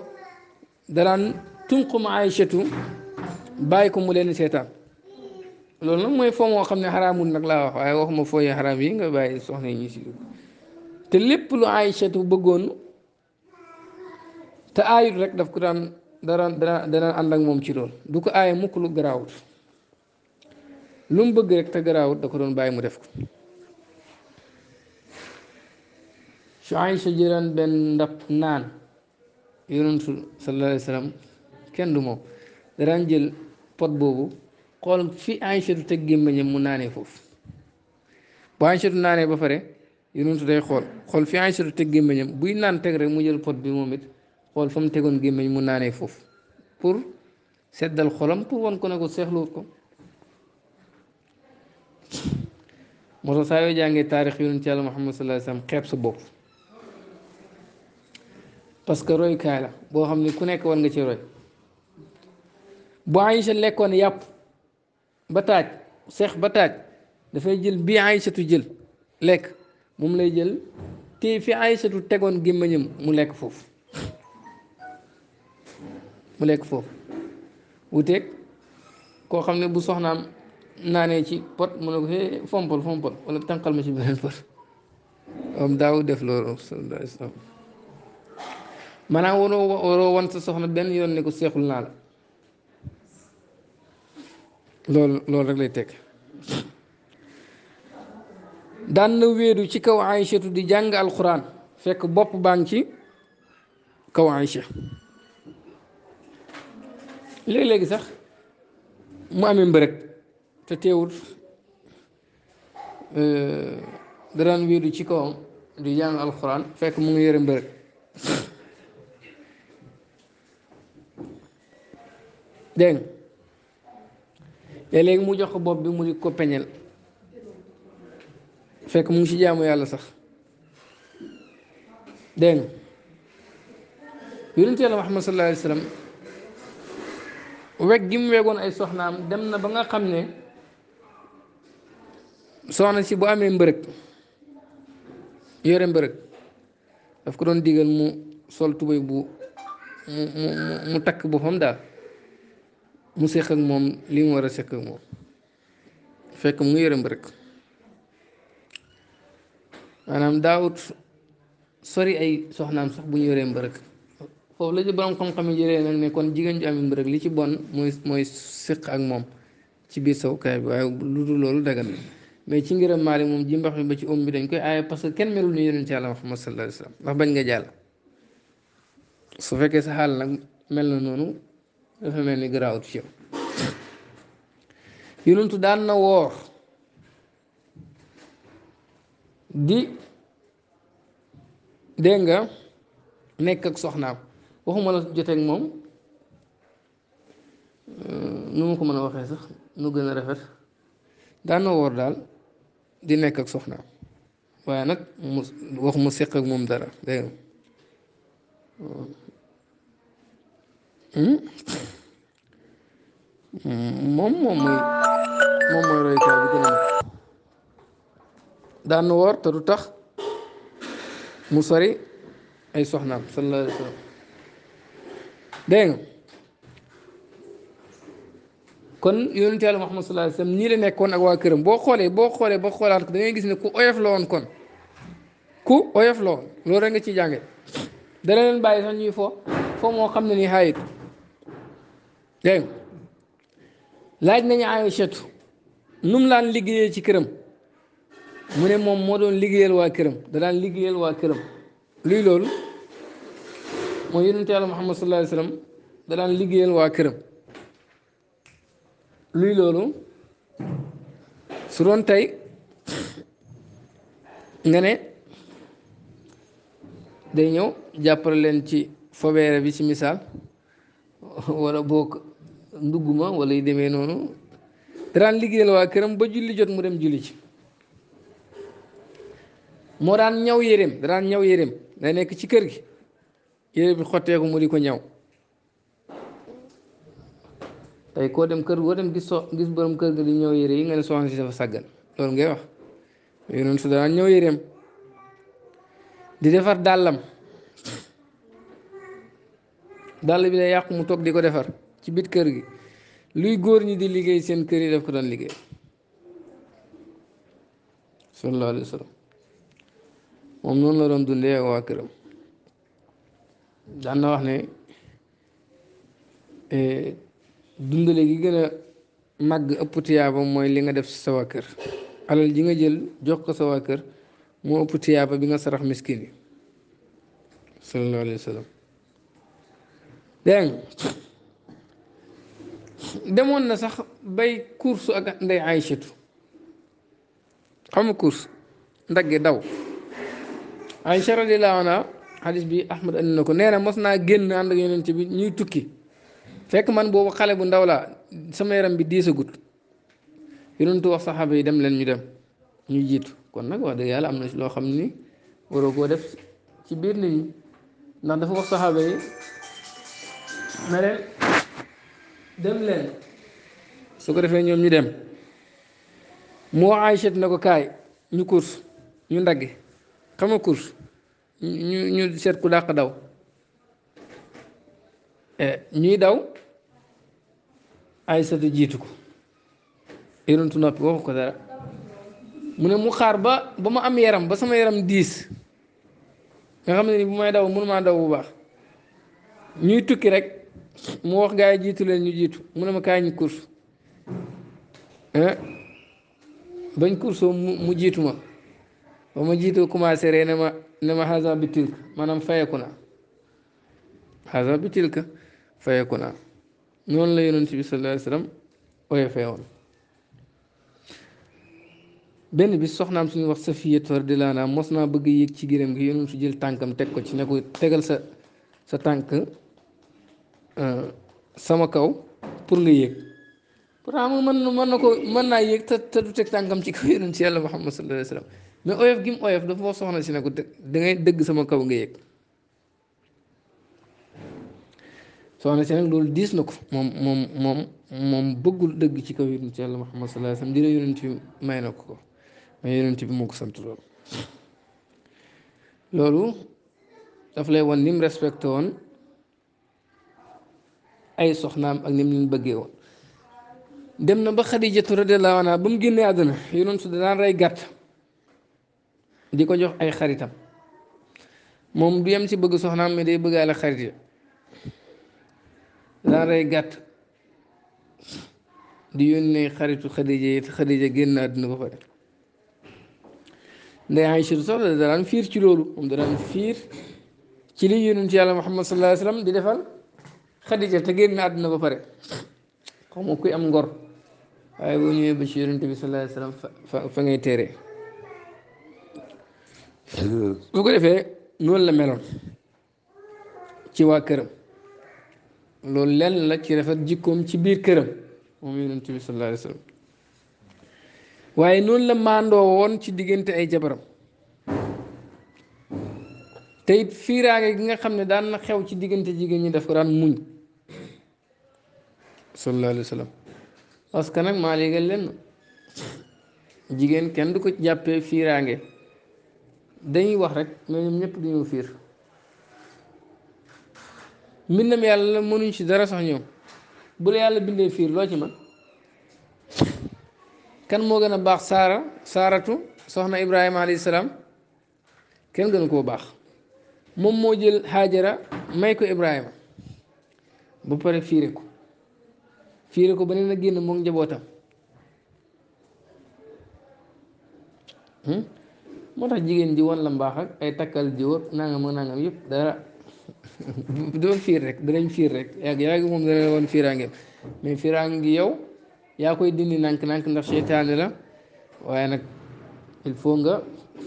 daraan tunqum Aïchatu bàyyi ko mu leen seetaan loolu nag mooy foo xam ne xaraamul nag laa wax waaye waxuma fooyee xaraam yi nga bàyyi soxna yi ñu si te lépp lu Aïchatu bëggoon te aayut rek daf ko daan dana dana dana ànd ak moom ci loolu du ko aaye mukk lu garaawut lu mu bëgg rek te garaawut da ko doon bàyyi mu def ko su Aysa jëlaan benn ndab naan yonentu sallallahu alayhi wa kenn du moom daraan jël pot boobu xool fi Aysa du teg gémmiñam mu naanee foofu bu Aysa du naanee ba pare yonentu day xool xool fi Aysa du teg gémmiñam buy naan teg rek mu jël pot bi moom it xool fa mu tegoon gémmiñ mu naanee foofu pour seddal xolam pour wan ko ne ko seexluwut ko moo tax saa yoo jàngee taarix yonent yàlla Muhammad sallallahu alayhi wasallam xeeb sa bopp parce que royukaay la boo xam ne ku nekk war nga ci roy bu Aïcha lekkoon yàpp ba taaj seex ba taaj dafay jël bii Aïchatu jël lekk moom lay jël te fi Aïchatu tegoon gémmiñam mu lekk foofu mu lekk foofu wuteeg koo xam ne bu soxnaam naanee ci pot mu ne ko hee fompal fompal wala tànqal ma ci beneen pot am daaw def loolu sallallahu waroo wan sa soxna benn yoon ne ko seexul naa la loolu loolu rek lay teg daan na wéedu ci kaw Aïchatu di jàng alxuraan fekk bopp baa ngi ci kaw Aïcha léegi-léegi sax mu amee mbërëg te teewul euh, daraan wiiru ci kawam du jàng alxuraan fekk mu ngi yore mbërëg dégg nga léegi mu jox ko bopp bi mu di ko peñel fekk mu ngi ci jaamu yàlla sax dégg nga yonent yàlla Muhammad sallallahu alayhi wa sallam weg gi mu wegoon ay soxnaam dem na ba nga xam ne soxna si bu amee mbërëg yore mbërëg daf ko doon digal mu sol tubéy bu mu mu mu takk boppam daal mu séq ak moom li mu war a séq ak moom fekk mu ngi yore mbërëg maanaam daawut sori ay soxnaam sax bu ñu yoree mbërëg foofu la ci borom xam-xam yi jëlee nag ne kon jigéen ju am imb rek li ci bon mooy mooy siq ak moom ci biir sawukaay bi waaye lu dul loolu dagan na mais ci ngërëm maali moom ji mbax bi ba ci om bi dañ koy aaye parce que kenn melul ni yonent Yàlla Muhammad sallallahu alayhi wa sallam nga jàll fekkee sa xaal nag mel na noonu dafa mel ni garaawut ci yow yonentu daan na woor di dégg nga nekk ak soxnaam waxuma la joteeg moom euh, nu ma ko mën a waxee sax nu gën a rafet daan na woor daal di nekk ak soxnaam waaye nag mu mu seq ak moom dara dégg moom hmm? moom mooy moom gën a daan na woor te du tax mu sori ay soxnaam sallallahu alayhi wa sallam dégg nga kon yonente yàlla Muhammad sallallahu alayhi nii la nekkoon ak waa këram boo xoolee boo xoolee ba xoolaat ko da gis ne ku oyof la woon kon ku oyof la woon loolu rek nga ci jànge dana leen bàyyi sax ñuy foo fo moo xam ne nii xaayit dégg laaj nañu Aïchatu nu mu laan liggéeyee ci këram mu ne moom moo doon liggéeyal waa këram da daan liggéeyal waa këram luy loolu mooy yonent yàlla Muhammad sallallahu alayhi wa sallam da daan liggéeyal waa këram luy loolu su doon tey nga ne day ñëw jàppale leen ci fobeere bi ci misaal wala boog ndugg ma wala yu demee noonu liggéey la waa këram ba julli jot mu dem julli ci moo daan ñaw yéreem daan ñaw yéreem day nekk ci kër gi yére bi xotteeku mu di ko ñaw tey koo dem kër goo dem gis so gis borom kër gi di ñëw yére yi nga ne soxna si dafa sàggan loolu ngay wax yénoon su daan ñëw yéreem di defar dàllam dàll bi la yàqu mu toog di ko defar ci biir kër gi luy góor ñi di liggéey seen kër yi daf ko doon liggéey sallallahu alayhi wa moom noonu la doon dundee waa këram daan na wax ne eh, dundale gi gën a màgg ëpp tiyaaba mooy li nga def si sa kër alal ji nga jël jox ko sa kër moo ëpp tiyaaba bi nga sarax miskin yi sallallahu alayhi wa demoon na sax bay course ak ndey Aïchatu xam nga course ndagge daw Aïcha radiyallahu anha xadis bi ahmad andi na ko nee na mos naa génn ànd ak ci biir ñuy tukki fekk man boobu xale bu ndaw la sama yaram bi diisagut yonentu wax saxaaba yi dem leen ñu dem ñu jiitu kon nag wax dëgg yàlla am na loo xam ni waroo koo def ci biir nit ñi ndax leen dem leen su ko defee ñoom ñu dem moo Aysha na ko kaay ñu course ñu ndagg xam nga course ñu ñu seet ku dàq daw eh, ñuy daw ay satu jiitu ko yonentu noppi waxu ko dara mu ne mu xaar ba ba ma am yaram ba sama yaram diis nga xam ne ni bu may daw mënumaa daw bu baax ñuy tukki rek mu wax gaa yi jiitu leen ñu jiitu mu ne ma kaay ñu course eh, bañ coursoo mu jiitu ma ba ma jiitoo commencé ree ma ne ma xaasa bi tilka maanaam fayeku naa xaasa bi tilka noonu la yonent bi sallallahu alayhi wa sallam ooye feewoon benn bi soxnaam suñu wax Safiyatu radiyallaahu anhaa mos naa bëgg yéeg ci gërëm gi yonent su jël tànkam teg ko ci ne ko tegal sa sa tànk sama kaw pour nga yéeg pourtant mën mën na ko mën naa yéeg te te du teg tànkam ci kaw yonent ci yàlla Muhammad sallallahu alayhi wa sallam mais oyof gi mu oyof dafa wax soxna si ne ko da ngay dëgg sama kaw nga yëg loolu diis na ko moom moom moom moom bëggul dëgg ci kaw yonent yàlla Muhammad sallallahu alayhi wasallam dina yonent bi may na ko ko mais yonent bi moo ko sant loolu daf lay wan ni mu respecté woon ay soxnaam ak ni mu bëggee woon dem na ba Xadijatu radiyallahu anha ba mu génnee àdduna yonent su daan rey gàtt di ko jox ay xaritam moom du yam ci bëgg soxnaam mais day bëggaale xarit ya daan rey gàtt di yónnee xaritu Xadija yi Xadija génn àddina ba pare ndey Aïcha sax da daan fiir ci loolu moom da daan fiir ci li yonent yàlla Muhammad sallallahu alayhi wa sallam di defal Xadija te génn àddina ba pare xaw ma kuy am ngor waaye boo ñëwee ba ci yonent bi sallallahu wa sallam fa fa ngay teeree. su ko defee noonu la meloon ci waa këram loolu lenn la ci rafet jikkoom ci biir këram moom yonent bi sallallahu waaye noonu la maandoo woon ci diggante ay jabaram te it fiiraange gi nga xam ne daan na xew ci diggante jigéen ñi daf ko daan muñ sallallahu la wa sallam parce que nag maa léegal lenn jigéen kenn du ko jàppee fiiraange dañuy wax rek mais ñoom ñëpp fiir mbindam yàlla la mënuñ ci dara sax ñoom bu la yàlla bindee fiir loo ci man kan moo gën a baax saara saaratu soxna ibrahima alayhi salaam kenn gënu koo baax moom moo jël xaajara may ko ibrahima bu pare fiire ko fiire ko ba nee na génn moom njabootam hmm? moo tax jigéen ji wan la mbaax ak ay takkal jiw ak nangam ak nangam yépp dara <laughs> doon fiir rek danañ fiir rek yàgg yàgg moom dana woon fiiraange mais fiiraange gi yow yaa koy dindi nànk-nànk ndax seytaane la waaye nag il faut nga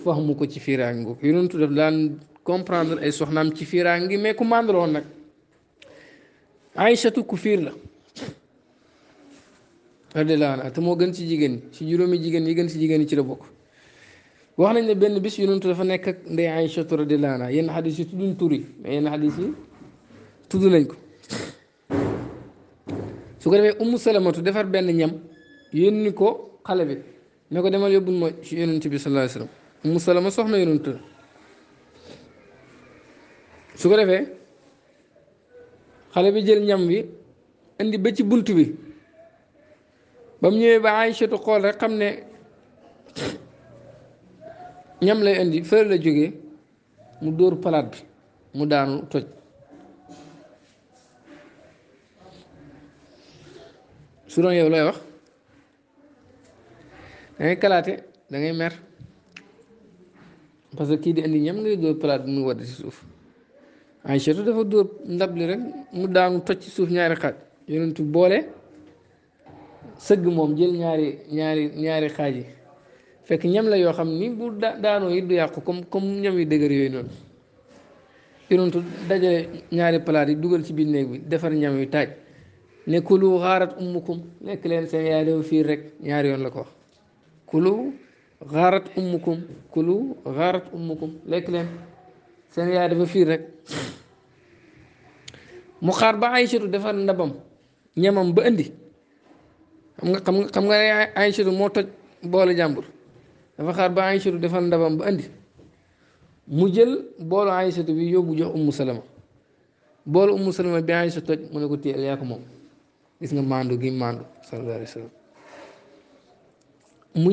faxmu ko ci fiiraange gu yonentu daf daan comprendre ay soxnaam ci fiiraange gi mais ku màndaloon nag Aysatu ku fiir la radiyallaahu anha te moo gën si jigéen ñi ci juróomi jigéen yi gën si jigéen ñi ci la bokk wax nañ ne benn bis yonentu dafa nekk ak ndey Aysatu radiyallaahu anhaa yenn xadis yi tudduñ tur yi mais yenn xadis yi tudd nañ ko su ko defee Ummu Salamatu defar benn ñam yónni ko xale bi ne ko demal yóbbul ma ci bi sallallaahu alayhi wa sallam soxna yonentu ko defee xale bi jël ñam wi indi ba ci bunt bi ba mu ñëwee ba Aysatu xool rek xam ne ñam lay indi fële la jóge mu dóor palaat bi mu daanu toj su doon yow lay wax da ngay kalaate da mer parce que kii di indi ñam ngay dóor palaat bi mu wadd ci suuf Aysatu dafa dóor ndab li rek mu daanu toj ci suuf ñaari xaaj yonentu boole sëgg moom jël ñaari ñaari ñaari xaaj yi fekk ñam la yoo xam ni bu daanoo it du yàqu comme comme ñam yu dëgër yooyu noonu yonentu dajale ñaari palaat yi dugal ci biir néeg bi defar ñam yu taaj ne kulu xaarat ummukum lekk leen seen yaay dafa rek ñaari yoon la ko wax kulu xaarat ummukum kulu xaarat ummukum lekk leen seen yaay dafa fiir rek mu xaar ba Aysatu defar ndabam ñamam ba indi xam nga xam nga xam nga ne Aysatu moo toj boole jàmbur dafa xaar ba Aysatu defal ndabam ba andi mu jël boolu Aysatu bi yóbbu jox Ummu Salama boolu Ummu Salama bi Aysatu toj mu ne ko téyel yaa ko moom gis nga maandu gi maandu sallallahu alayhi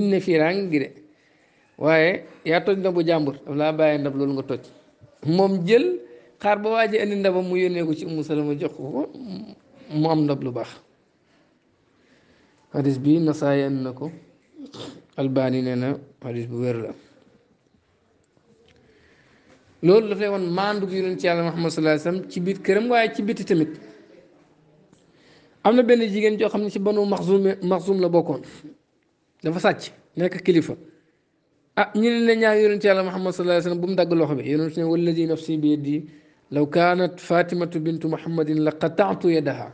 ne fiiraang gi de waaye yaa toj ndabu jàmbur daf laa bàyyi ndab loolu nga toj moom jël xaar ba waa ji andi ndabam mu yónnee ko ci Ummu Salama jox ko mu am ndab lu baax hadis bi Nasaay andi na ko الباني نينا حديث بوير لا لول لفلي وان ما عندو بيرن تيالا محمد صلى الله عليه وسلم تي بيت كرم واي تي بيت تمت امنا بني جيجن جو خمني سي بنو مخزوم مخزوم لا بوكون دا فا ساتي نيك كليفا ا ني لا نياغ يورن تيالا محمد صلى الله عليه وسلم بوم داغ لوخ بي يورن والذي نفسي بيدي لو كانت فاطمه بنت محمد لقطعت يدها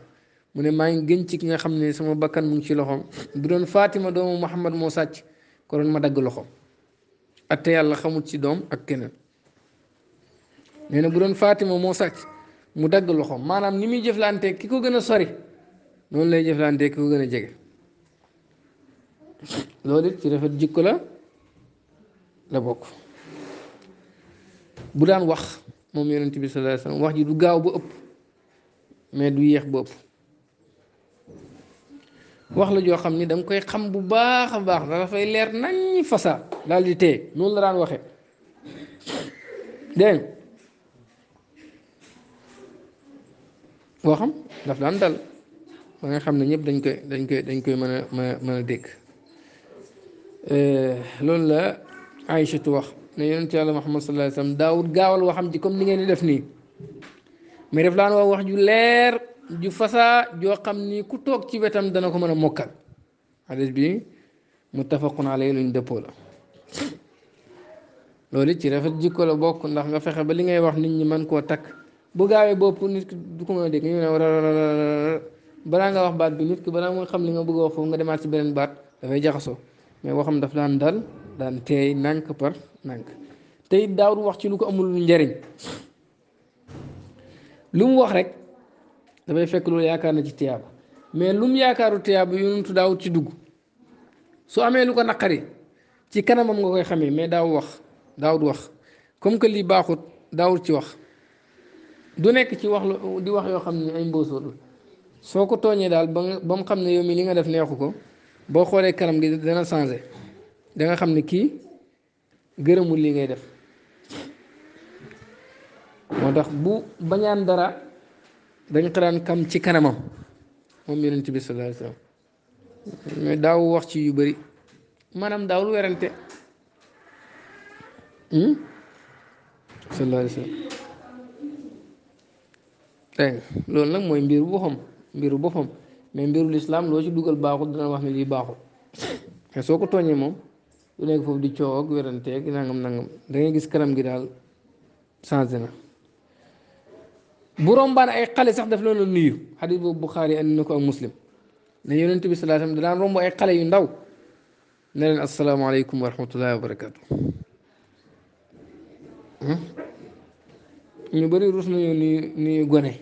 mu ne maa ngi gën ci ki nga xam ne sama bakkan mu ngi ci loxoom bu doon Fatima doomu Muhammad moo sàcc ko ma dagg loxo atte yàlla xamut ci doom ak keneen nee na bu doon Fatima moo sàcc mu dagg loxoom maanaam ni muy jëflante ki ko gën a sori noonu lay jëflante ki ko gën a jege loolu it ci rafet jikko la la bokk bu daan wax moom yonent bi sallallahu alayhi wax ji du gaaw ba ëpp mais du yéex ba ëpp wax la joo xam ni da koy xam bu baax a baax da dafay leer nañ fasa dal di téye noonu la daan waxee dégg daf daan dal xam ne ñëpp dañ koy dañ koy dañ koy mën a mën mën a dégg eh, loolu la Aïchatu wax ne yonent yàlla Muhammad sallallahu alayhi wa daawut gaawal waxam ji comme ni ngeen di def nii mais daf daan wax wax ju leer ju fasaa joo xam ni ku toog ci wetam dana ko mën a mokkal xadis bi muttafaqun alayhi luñ dëppoo la loolu ci rafet jikko la bokk ndax nga fexe ba li ngay wax nit ñi man koo takk bu gaawee bopp nit ki du ko mën balaa nga wax baat bi balaa muy xam li nga bëgg a wax foofu nga demaat ci beneen baat dafay jaxasoo mais waxam daf daan dal daan teey nànk par nànk te daa wax ci lu ko amul njariñ lu mu wax rek. dafay fekk loolu yaakaar na ci tiyaaba mais lu mu yaakaaru tiyaaba yonentu daawut ci dugg su amee lu ko naqari ci kanamam nga koy xamee mais daaw wax daawut wax comme que lii baaxut daawut ci wax du nekk ci wax di wax yoo xam ne ay mbóosóotul soo ko tooñee daal ba nga ba mu xam ne yow mi li nga def neexu ko boo xoolee kanam gi dana changé da xam ne kii gërëmul lii ngay def moo tax bu bañaan dara dañ ko kam ci kanamam moom yonent bi sallallahu alayhi wasallam mais daaw wax ci yu bëri maanaam daawul werante hmm? sallallahu alayhi wasallam dégg loolu nag mooy mbiru boppam mbiru boppam mais mbiru lislaam loo ci dugal baaxul dana wax ne lii baaxul mais soo ko tooñee moom du nekk foofu di coow ak werante ak nangam nangam da gis kanam gi daal changé na bu rombaan ay xale sax daf leen a nuyu xadis boobu Buxaari andi na ko ak muslim ne yonent bi sallallahu alayhi wasallam daan romb ay xale yu ndaw ne leen asalaamaaleykum wa rahmatullahi wa hmm? rus gone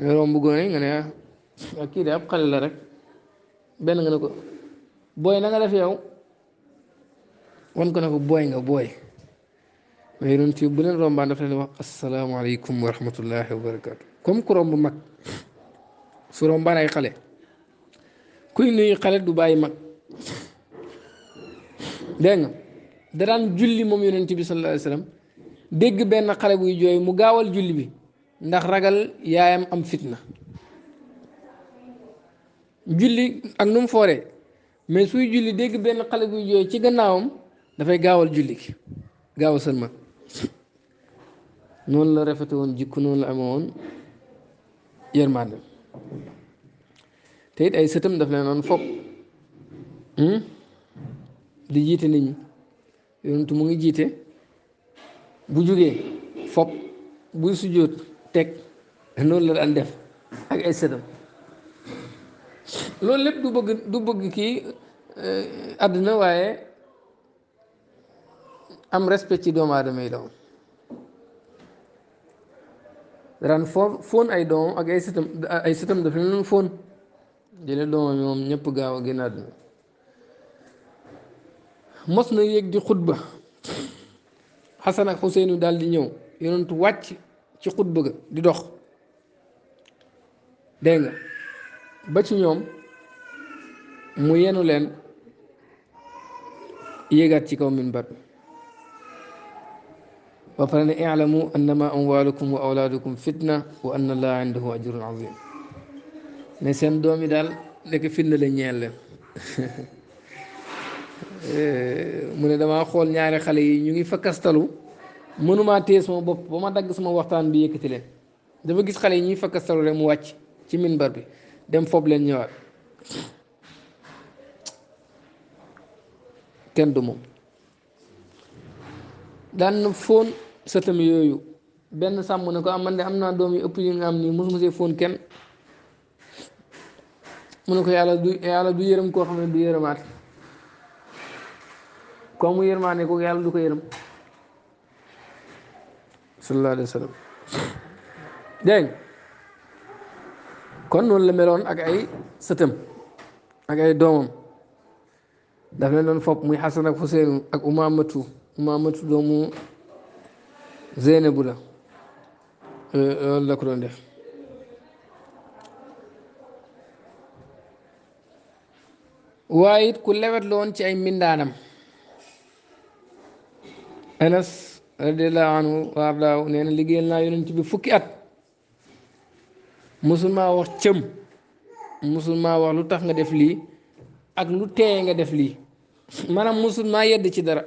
nga romb gone nga ne ah kii de ab xale la rek benn nga ne ko booy na nga def yow wan ko ne ko booy nga booy. mais yonent yi bu leen rombaan daf leen wax asalaamaaleykum wa rahmatullahi wa barakaatu comme ku romb mag su rombaan ay xale kuy nuyu xale du bàyyi mag dégg nga da daan julli moom yonent bi sallallahu alayhi dégg benn xale buy jooy mu gaawal julli bi ndax ragal yaayam am fitna julli ak nu mu fooree mais suy julli dégg benn xale buy jooy ci gannaawam dafay gaawal julli gi gaaw a sëlmal noonu la rafete woon jikko noonu la amee woon yërmande te ay sëtam daf leen doon fopp hmm, di jiite nit ñi yonentu mu ngi jiite bu jógee fopp buy sujjóot teg noonu la daan def ak ay sëtam loolu lépp du bëgg du bëgg kii eh, àddina waaye am respect ci doomu aadama yi doom woon daan foofu fóon ay doomam ak ay sëtam ay sëtam daf leen fóon jële doomam yi gaaw a génn àdduna mos na yéeg di xutba xasan ak xuseynu dal di ñëw yonentu wàcc ci xutba ga di dox dégg nga ba ci ñoom mu yenu leen yéegaat ci kaw minbar bi وفرنا اعلموا انما اموالكم واولادكم فتنه وان الله عنده اجر عظيم ني دومي دال نيك فين لا نيل مون دا ما خول نياري خالي نيغي فكستلو مونو ما مو بوب بما دغ سما وقتان بي يكتي لين دا غيس خالي ني فكستلو ري مو واتي سي منبر بي ديم فوب لين نيوات كين دومو dan فون sëtam yooyu benn sàmm ne ko am ah, man de am naa doom yu ëpp yi nga am nii mosuma see fóon kenn mu ko yàlla du yàlla du yërëm koo xam ne du yërëmaat koo mu yërmaane ko yàlla du ko yërëm sallallahu alayhi wa sallam dégg kon noonu la meloon ak ay sëtam ak ay doomam daf leen doon fopp muy Xasan ak Xuseenu ak Umaamatu Umaamatu doomu Zeynabu la euh, la ko doon def waaye ku lewet loon ci ay mbindaanam Anas radiallahu anhu wa ardaahu nee na liggéeyal naa yonent bi fukki at musulmaa wax cëm musulmaa wax lu tax nga def lii ak lu teeye nga def lii maanaam musulmaa yedd ci dara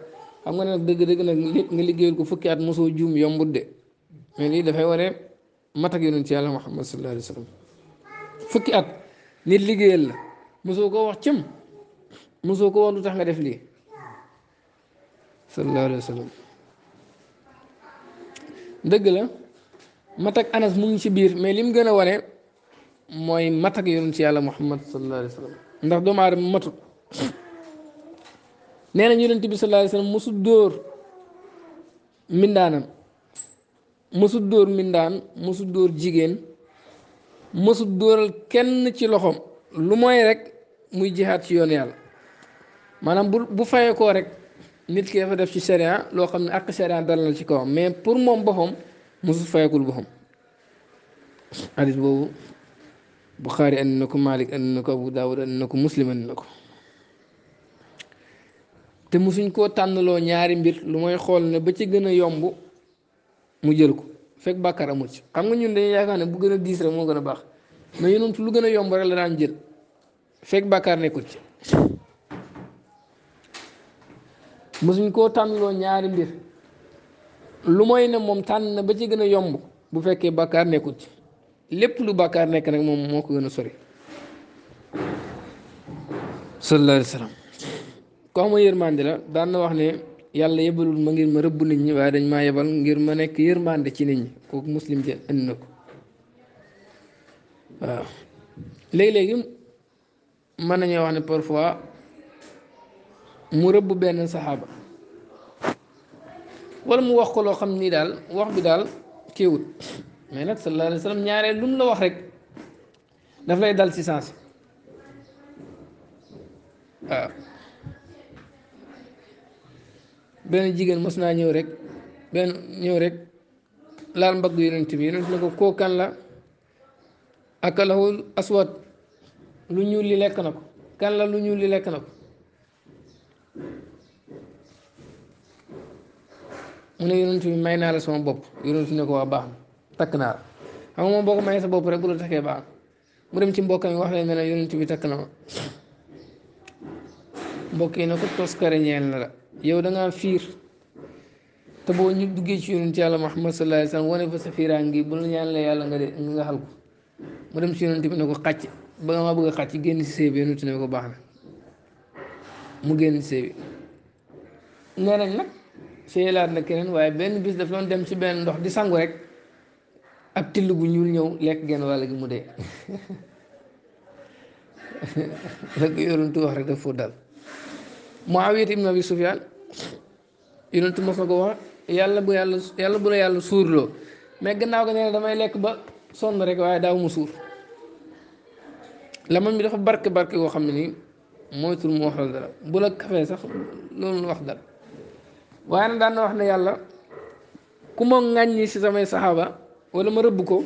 xam nga ne nag dëgg-dëgg nag nga liggéeyal ko fukki at mosoo juum yombut de mais lii dafay wane mat ak yonent ci yàlla Muhammad sallallahu alayhi wa sallam fukki at nit liggéeyal la mosoo koo wax cëm mosoo ko wax lu tax nga def lii sallallahu dëgg la mat ak anas mu ngi ci biir mais mu gën a wane mooy mat ak yonent ci yàlla Muhammad sallallahu alayhi wa sallam ndax doomu aadama matut nee na yonent bi sallallahu alayhi wasallam musu dóor mindaanam musu dóor mbindaan musu dóor jigéen musu dóoral kenn ci loxoom lu mooy rek muy jihaat ci yoon yàlla maanaam bu bu fayee koo rek nit ki dafa def ci sharia loo xam ne ak sharia dal na ci kawam mais pour moom boppam musu fayekul boppam hadis boobu Buxaari andi na ko Malik andi na ko Abu Daawud andi na ko Muslim andi na ko te musuñ koo tànnaloo ñaari mbir lu mooy xool ne ba ci gën a yomb mu jël ko fekk bàkkaar amul ci xam nga ñun dañuy yaakaar ne bu gën a diis rek moo gën a baax mais yonent lu gën a yomb rek la daan jël fekk bàkkaar nekkul ci musuñ koo tànnaloo ñaari mbir lu mooy ne moom tànn na ba ci gën a yomb bu fekkee bàkkaar nekkul ci lépp lu bàkkaar nekk nag moom moo ko gën a sori sallallahu alayhi ko xama yërmande la daan na wax ne yàlla yebalul ma ngir ma rëbb nit ñi waaye dañ maa yebal ngir ma nekk yërmande ci nit ñi kooku muslim ji ënd na ko waaw léegi-léegi mën nañoo wax ne parfois mu rëbb benn saxaaba walla mu wax ko loo xam nii daal wax bi daal kéewut mais nag sallallahu alayhi wa lu mu la wax rek daf lay dal ci sens waaw benn jigéen mos naa ñëw rek benn ñëw rek laal mbagg yonent bi yonent ne ko koo kan la akalahul aswad lu ñuul li lekk na ko kan la lu ñuul li lekk na ko mu ne yonent may naa la sama bopp yonent ne ko waa baax na takk naa la xam nga moom boo ko sa bopp rek bu la takkee baax mu dem ci mbokkam yi wax leen ne yonent bi takk na ma mbokk yi ne ko toskare ñeel na la yow da ngaa fiir te boo ñu duggee ci yonent yàlla Muhammad sallallahu alayhi wa sallam wane fa sa fiiraa ngi bu la yàlla nga de nga xal ko mu dem si yonent bi ne ko xàcc ba nga maa bëgg a xàcc génn si séy bi yonent ne ko baax na mu génn si séy bi nee nañ nag séylaat na keneen waaye benn bis daf doon dem ci benn ndox di sangu rek ab till bu ñuul ñëw lekk genn wàll gi mu dee la <laughs> ko yonent wax rek daf foo dal Muawiyat ibn Abi Sufyaan yonentu mos na ko wax yàlla bu yàlla yàlla bu la yàlla suurloo mais gannaaw ga nee na damay lekk ba sonn rek waaye daaw ma suur laman bi dafa barke barke koo xam ne nii moytul mu wax la dara bu la kafee sax loolu wax dara waaye nag daan na wax ne yàlla ku ma ŋàññi si samay saxaaba wala ma rëbb ko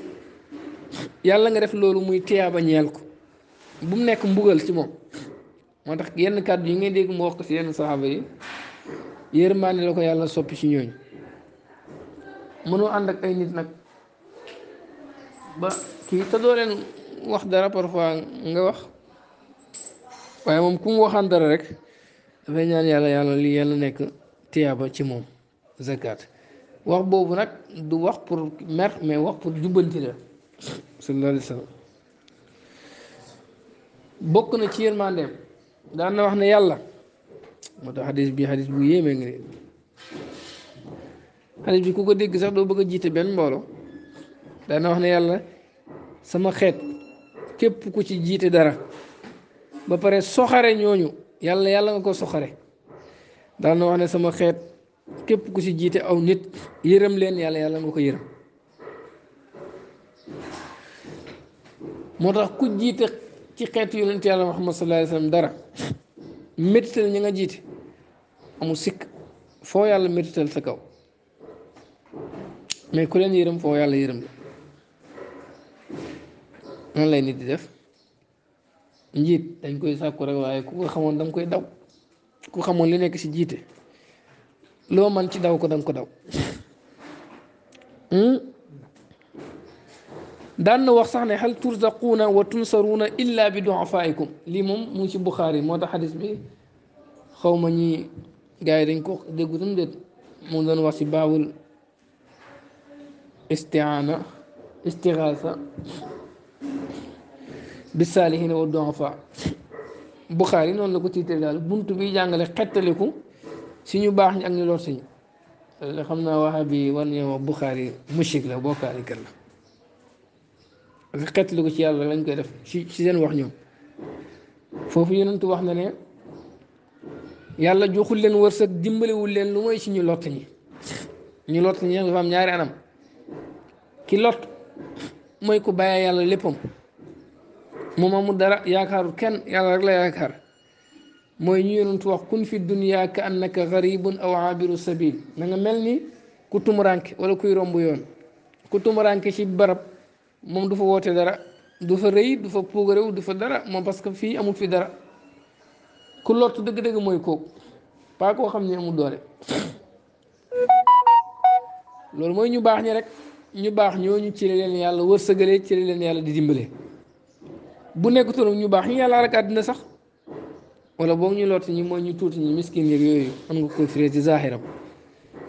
yàlla nga def loolu muy tiyaaba ñeel ko bu mu nekk mbugal ci moom moo tax yenn kàddu yi ngeen dégg mu wax ko si yenn saxaaba yi yërmaane la ko yàlla soppi ci ñooñ mënoo ànd ak ay nit nag ba kii te doo leen wax dara parfois nga wax waaye moom ku mu waxaan dara rek dafay ñaan yàlla yàlla li yàlla nekk ba ci moom zakat wax boobu nag du wax pour mer mais wax pour jubbanti la sallallahu bokk na ci yërmandeem daan na wax ne yàlla moo tax xadis bi xadis bu yéemee nga ne xadis bi ku ko dégg sax doo bëgg a jiite benn mbooloo daan na wax ne yàlla sama xeet képp ku ci jiite dara ba pare soxare ñooñu yàlla yàlla ko soxare daan wax ne sama xeet képp ku ci jiite aw nit yërëm leen yàlla yàlla nga ko yërëm moo tax ku jiite ci xeetu yonent yàlla Muhammad sallallahu alayhi wa sallam dara métital ñi nga jiite amul sikk foo yàlla métital sa kaw mais ku leen yërëm foo yàlla yërëm la nan lay nit di def njiit dañ koy sàkku rek waaye ku ko xamoon da koy daw ku xamoon li nekk ci jiite loo man ci daw ko da ko daw hmm? daan na wax sax ne hal turzaquuna wa tunsaruuna illa bi duafaaikum lii moom mu ngi ci Buxaari moo tax xadis bi xaw ma ñi gars yi dañ ko déggutam déet mu doon wax ci baabul istiaana istigaasa bi saalihiina wa duafaa Buxaari noonu la ko tiitee daal bunt bi jàngale xettaliku si ñu baax ñi ak ñu lor si ñu xam naa waxa bi war nañoo wax Buxaari mushrik la bokkaalikat la parce que xeetlu ko ci yàlla lañ koy def ci ci seen wax ñoom foofu yonentu wax na ne yàlla joxul leen wërsëg dimbaliwul leen lu mooy ci ñu lott ñi ñu lott ñi dafa am ñaari anam ki lott mooy ku bàyyee yàlla léppam moom amul dara yaakaarul kenn yàlla rek la yaakaar mooy ñu yonentu wax kun fi dunya ka annaka garibun aw abiru sabil na nga mel ni ku tumuranke wala kuy romb yoon ku tumuranke ci barab moom du fa woote dara du fa rëy du fa puugarew du fa dara moom parce que fii amul fi dara ku lott dëgg-dëgg mooy kooku pas koo xam ne amul doole loolu mooy ñu baax ñi rek ñu baax ñooñu ci leen yàlla wërsëgalee ci leen yàlla di dimbale bu nekkutoon ñu baax ñi yàlla rek àddina sax wala boog ñu lott ñi mooy ñu tuuti ñi miskin yeeg yooyu am nga koy firee ci zaahiram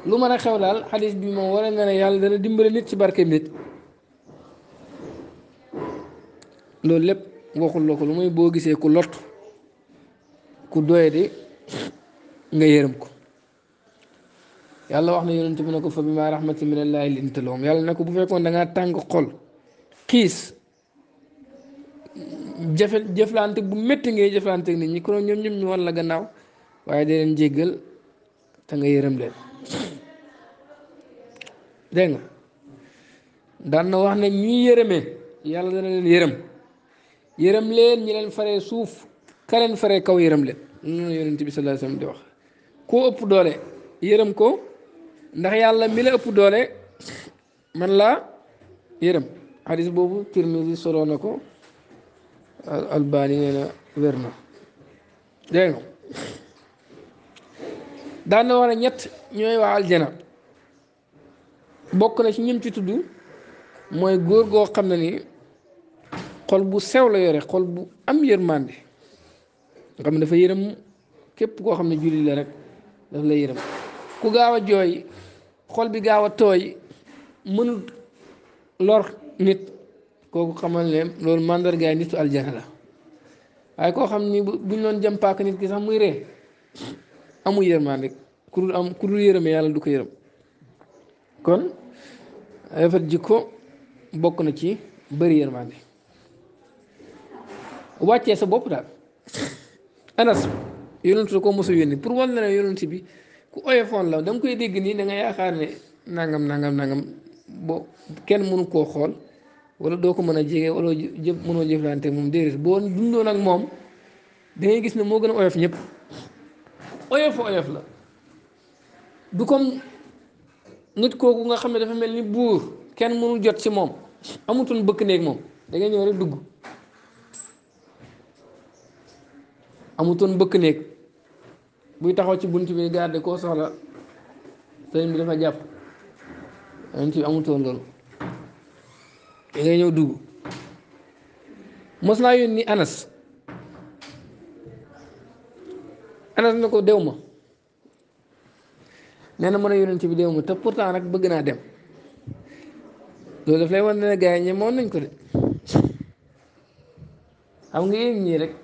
lu mën a xew daal xadis bi moom wala nga ne yàlla dana dimbale nit ci barke nit loolu lépp waxul la ko lu muy boo gisee ku lot ku doyadi nga yërëm ko yàlla wax na yonent bi ne ko fa bi ma rahmatin min allahi linta lahum yàlla ne ko bu fekkoon da ngaa tàng xol xiis jafe jëflante bu métti ngay jëflante nit ñi konoon ñoom ñoom ñu wan la gannaaw waaye da leen jéggal te nga yërëm leen dégg nga daan na wax ne ñuy yërëmee yàlla dana leen yërëm yërëm leen ñi leen faree suuf ka leen faree kaw yërëm leen noonu la yonent bi sallallahu alayhi wasallam di wax koo ëpp doole yërëm ko ndax yàlla mi la ëpp doole man laa yërëm xadis boobu Tirmisi soloo na ko Albani nee na wér na dégg nga daan wax ne ñett ñooy waa aljana bokk na ci ñim ci tudd mooy góor goo xam ne ni xol bu sew la yore xol bu am yërmande nga xam ne dafa yërëm képp koo xam ne julli la rek daf la yërëm ku gaaw a jooy xol bi gaaw a tooy mënul lor nit kooku xamal ne loolu màndargaay nitu aljana la waaye koo xam ni buñ doon jëm paak nit ki sax muy ree amul yërmande ku dul am ku dul yërëme yàlla du ko yërëm kon rafet jikko bokk na ci bëri yërmande wàccee sa bopp daal anas yonentu ko mosu yónni pour wan na ne bi ku oyofoon la danga koy dégg nii da nga yaakaar ne nangam nangam nangam bo kenn mënu koo xool wala doo ko mën a jege wala jëf mënoo jëflante moom déedéet boo dundoon ak moom da ngay gis ne moo gën a oyof ñëpp oyof oyof la du comme nit kooku nga xam ne dafa mel ni buur kenn mënul jot ci moom amutoon bëkk néeg moom da ngay ñëw rek dugg amutoon bëkk néeg buy taxaw ci bunt bi garde koo soxla sëriñ bi dafa jàpp yonent bi amutoon loolu da ngay ñëw dugg mos naa yoon ni anas anas na ko dew ma nee na mën a yónent bi dew ma te pourtant nag bëgg naa dem loolu daf lay wan ne gars yi ñemoon nañ ko de xam nga yéen ñii rek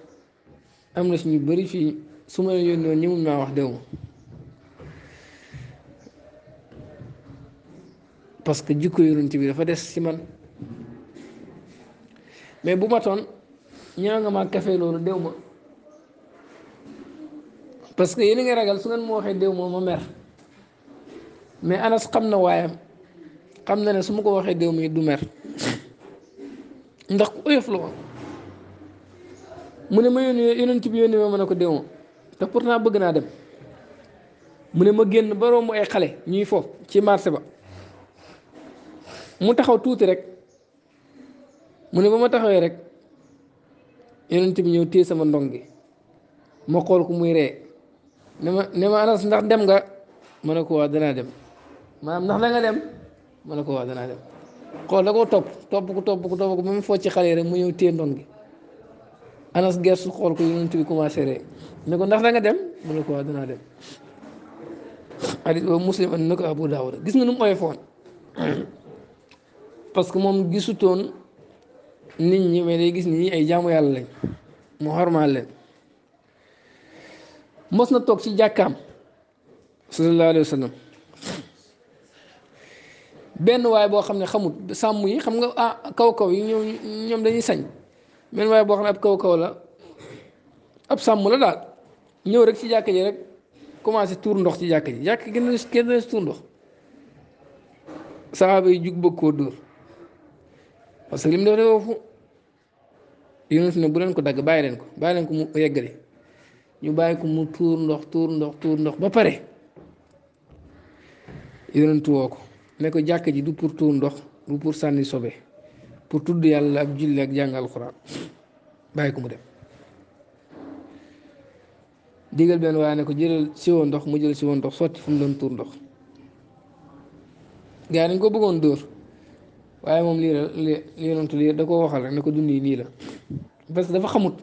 am na suñu bëri fii su ma la yónnee ñi naa wax dew parce que jikko yonent bi dafa des si man mais bu matoon toon ñaa nga maa kafe loolu déw ma parce que yéen a ngi ragal su ngeen ma waxee déw ma ma mer mais Anas xam na waayam xam na ne su ma ko waxee déw mi du mer ndax ku oyof la woon mu ne ma yónni yonent bi yónni ma ma ne ko déwuma te pourtant bëgg naa dem mu ne ma génn ba ay xale ñuy foofu ci marché ba mu taxaw tuuti rek mu ne ba ma taxawee rek yonent bi ñëw téye sama ndong gi xool ko muy ree ne ma ne ma anas ndax dem nga ma ne ko waa danaa dem maanaam ndax da nga dem ma ne ko waa danaa dem xool da koo topp topp ko topp ko topp ko ba mu foo ci xale yi rek mu ñëw téye ndong gi anas gersu xool ko yonent bi commencé rek ne ndax da dem mu ne ko waa dem hadis boobu muslim and na ko abu daawuda gis nga nu mu oyofoon <clears throat> parce que moom gisutoon nit ñi mais day gis nii ay jaamu yàlla lañ mu xormaal leen mos na toog ci jàkkaam sallallahu alayhi wa benn waay boo xam ne xamut sàmm yi xam nga ah kaw kaw yi ñoom ñoom dañuy sañ benn waaye boo xam ne ab kaw kaw la ab sàmm la daal ñëw rek ci jàkka ji rek commencé tour ndox ci jàkka ji jàkka kenn kenn dana si tuur ndox saxaaba yi jug bëgg koo dóor parce que li mu def dafa foofu ne bu leen ko dagg bàyyi leen ko bàyyi leen ko mu yeggale ñu bàyyi ko mu tuur ndox tuur ndox tuur ndox ba pare yonent woo ko ne ko jàkka ji du pour tuur ndox du pour sànni sobe pour tudd yàlla ak julli ak jàng alxuraan bàyyi ko mu dem digal benn waaye ne ko jëlal siwo ndox mu jël siwo ndox sotti fu mu doon tuur ndox gaa yi dañ ko bëggoon dóor waaye moom lii la li lii da koo waxal rek ne ko dund nii la parce que dafa xamut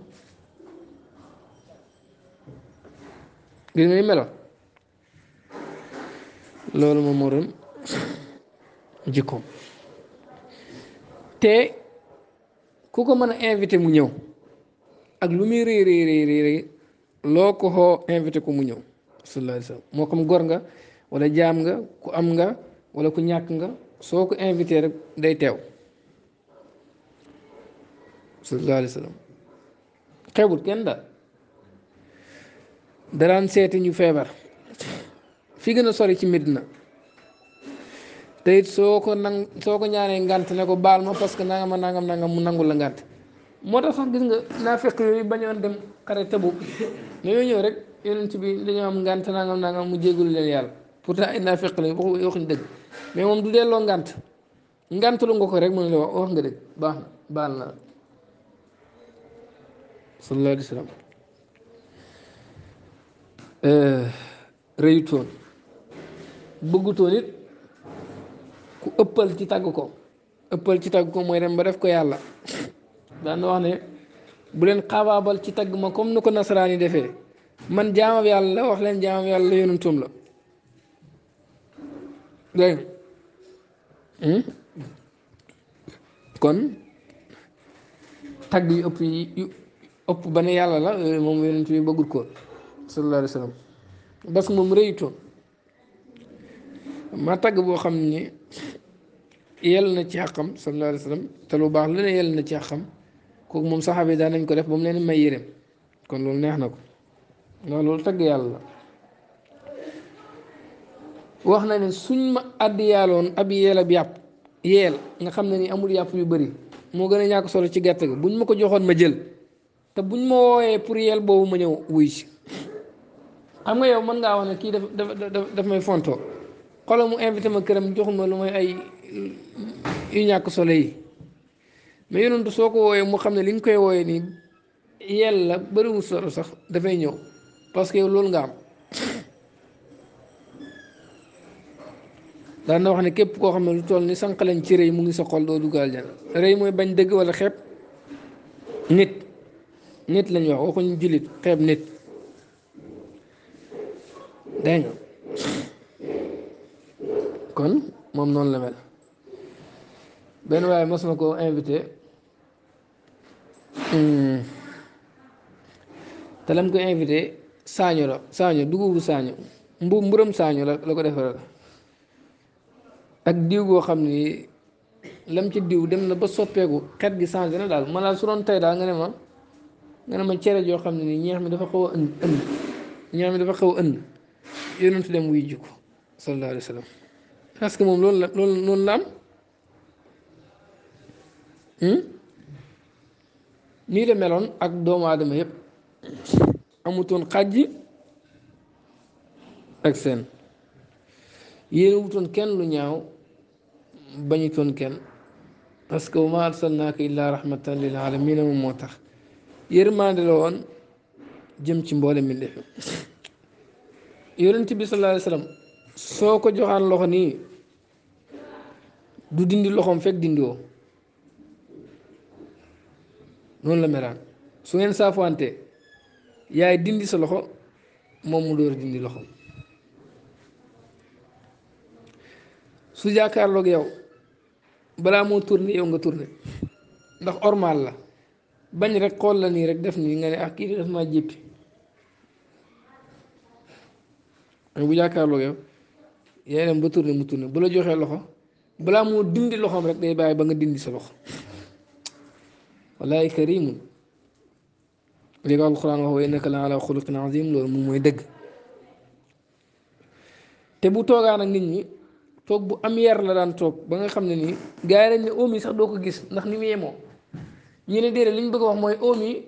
gis loolu moom moo doon jikkoom te ku ko mën a invité mu ñëw ak lu muy rëy rëy rëy loo ko xoo invité ko mu ñëw sallallahu alayhi wa moo xam gor nga wala jaam nga ku am nga wala ku ñàkk nga soo ko invité rek day teew sallallahu alayhi wa sallam xewul kenn daal daraan seeti ñu feebar fi gën a sori ci Medina te soo ko nang soo ko ñaanee ngant ne ko baal ma parce que nangam ma nangam nangam mu nangul la ngant moo tax sax gis nga naa fekk yooyu bañoon dem xare tabu dañoo ñëw rek yonent bi dañoo am ngant nangam nangam mu jégalu leen yàlla pourtant ay naa fekk la waxu waxuñu dëgg mais moom du delloo ngant ngant lu nga ko rek mën la wax nga dëgg baax na baal na sallallahu alayhi wa sallam euh, rëyutoon bëggutoon it ku ëppal ci tàgg ko ëppal ci tàgg ko mooy dem ba def ko yàlla daan wax ne bu leen xaabaabal ci tàgg ma comme nu ko nasaraan yi defee man jaamab yàlla la wax leen jaamab yàlla la yonentum la dégg hmm? kon tagg yu yàlla la moom yonent bi bëggul ko sallallahu alayhi moom rëyutoon ma tagg boo xam ni yell na ci xaqam sallallahu alayhi wa te lu baax lu ne yell na ci xaqam kooku moom saxaaba yi daan ko def ba mu leen may yërëm kon loolu neex na ko ndax loolu tagg yàlla la wax na ne suñ ma àddi yàlloon ab yeel ab yàpp yeel nga xam ne nii amul yàpp yu bëri moo gën a ñàkk solo ci gerte gi buñ ma ko joxoon ma jël te buñ ma wooyee pour yeel boobu ma ñëw wuy si xam nga yow mën ngaa wax ne kii daf daf daf may fontoo xoolal mu invité ma këram joxuma lu ay yu ñàkk solo yi mais yonentu soo ko wooyee mu xam ne li nga koy wooyee nii yàlla bëriwul solo sax dafay ñëw parce que yow loolu nga am daan na wax ne képp koo xam ne lu toll ni sànq lañ ci rëy mu ngi sa xol doo duggaal jana rëy mooy bañ dëgg walla xeeb nit nit lañ wax waxuñu jullit xeeb nit dégg kon moom noonu la mel benn waaye mos na koo invité hmm. te lam ko invité saaño la saaño dugubu saaño mbu mburam saaño la la ko defaral ak diw goo xam ni lam ci diw dem na ba soppeeku xet gi changé na daal ma daal su doon tey daal nga ne ma nga ne ma cere joo xam ne nii ñeex mi dafa xaw a ënd ënd ñeex mi dafa xaw a ënd yonentu dem wuy jikko sallallahu alayhi wa moom loolu la loolu loolu Hmm? nii la meloon ak doomu aadama yëpp amutoon xaj ak seen yéen wutoon kenn lu ñaaw bañutoon kenn parce que wa ma arsalnaaka illaa rahmatan lil aalamiina moom moo tax yërmande la woon jëm ci mboole mi ndefi yonent bi sallallahu soo ko joxaan loxo nii du dindi loxoom fekk dindi noonu la melaan su ngeen saafante yaay dindi sa loxo moom mu door dindi loxo su jàkkaarloog yow balaa moo turne yow nga turne ndax ormal la bañ rek xool la nii rek def nii nga ne ak ah, kii def maa jéppi bu jàkkaarloog yow yaay dem ba tourné mu turne bu la joxee loxo balaa moo dindi loxoom rek day bàyyi ba nga dindi sa loxo wallaay karimu li ko alquran wax wa innaka la ala xuluqin azim loolu moom mooy dëgg te bu toogaan ak nit ñi toog bu am yar la daan toog ba nga xam ne nii gars yi dañ ne oom yi sax doo ko gis ndax ni mu yemoo ñu ne déedéet li ñu bëgg a wax mooy oom yi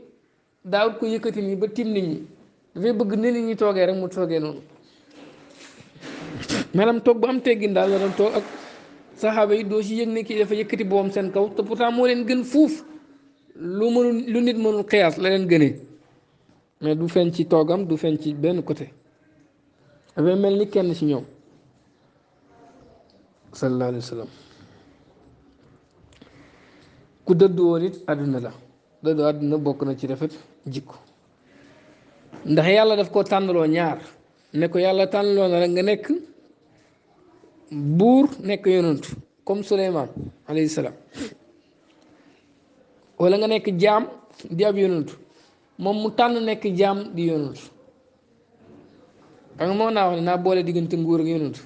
daawut ko yëkkati nii ba tiim nit ñi dafay bëgg ne nit ñi toogee rek mu toogee noonu maanaam toog bu am teggin daal la daan toog ak saxaaba yi doo ci yëg ne kii dafa yëkkati boobam seen kaw te moo leen gën fuuf. lu mënul lu nit mënul xiyaas la leen gënee mais du feeñ ci toogam du feeñ ci benn côté dafay mel ni kenn ci ñoom sallallahu alayhi ku dëddu woon it àdduna la dëddu àdduna bokk na ci rafet jikko ndax yàlla daf koo tànnaloo ñaar ne ko yàlla tànnaloo na rek nga nekk buur nekk yonantu comme Suleymaan alayhi salaam wala nga nekk jaam di ab yonantu moom mu tànn nekk jaam di yonantu xam nga moo naa wax ne naa boole diggante nguur ak yonantu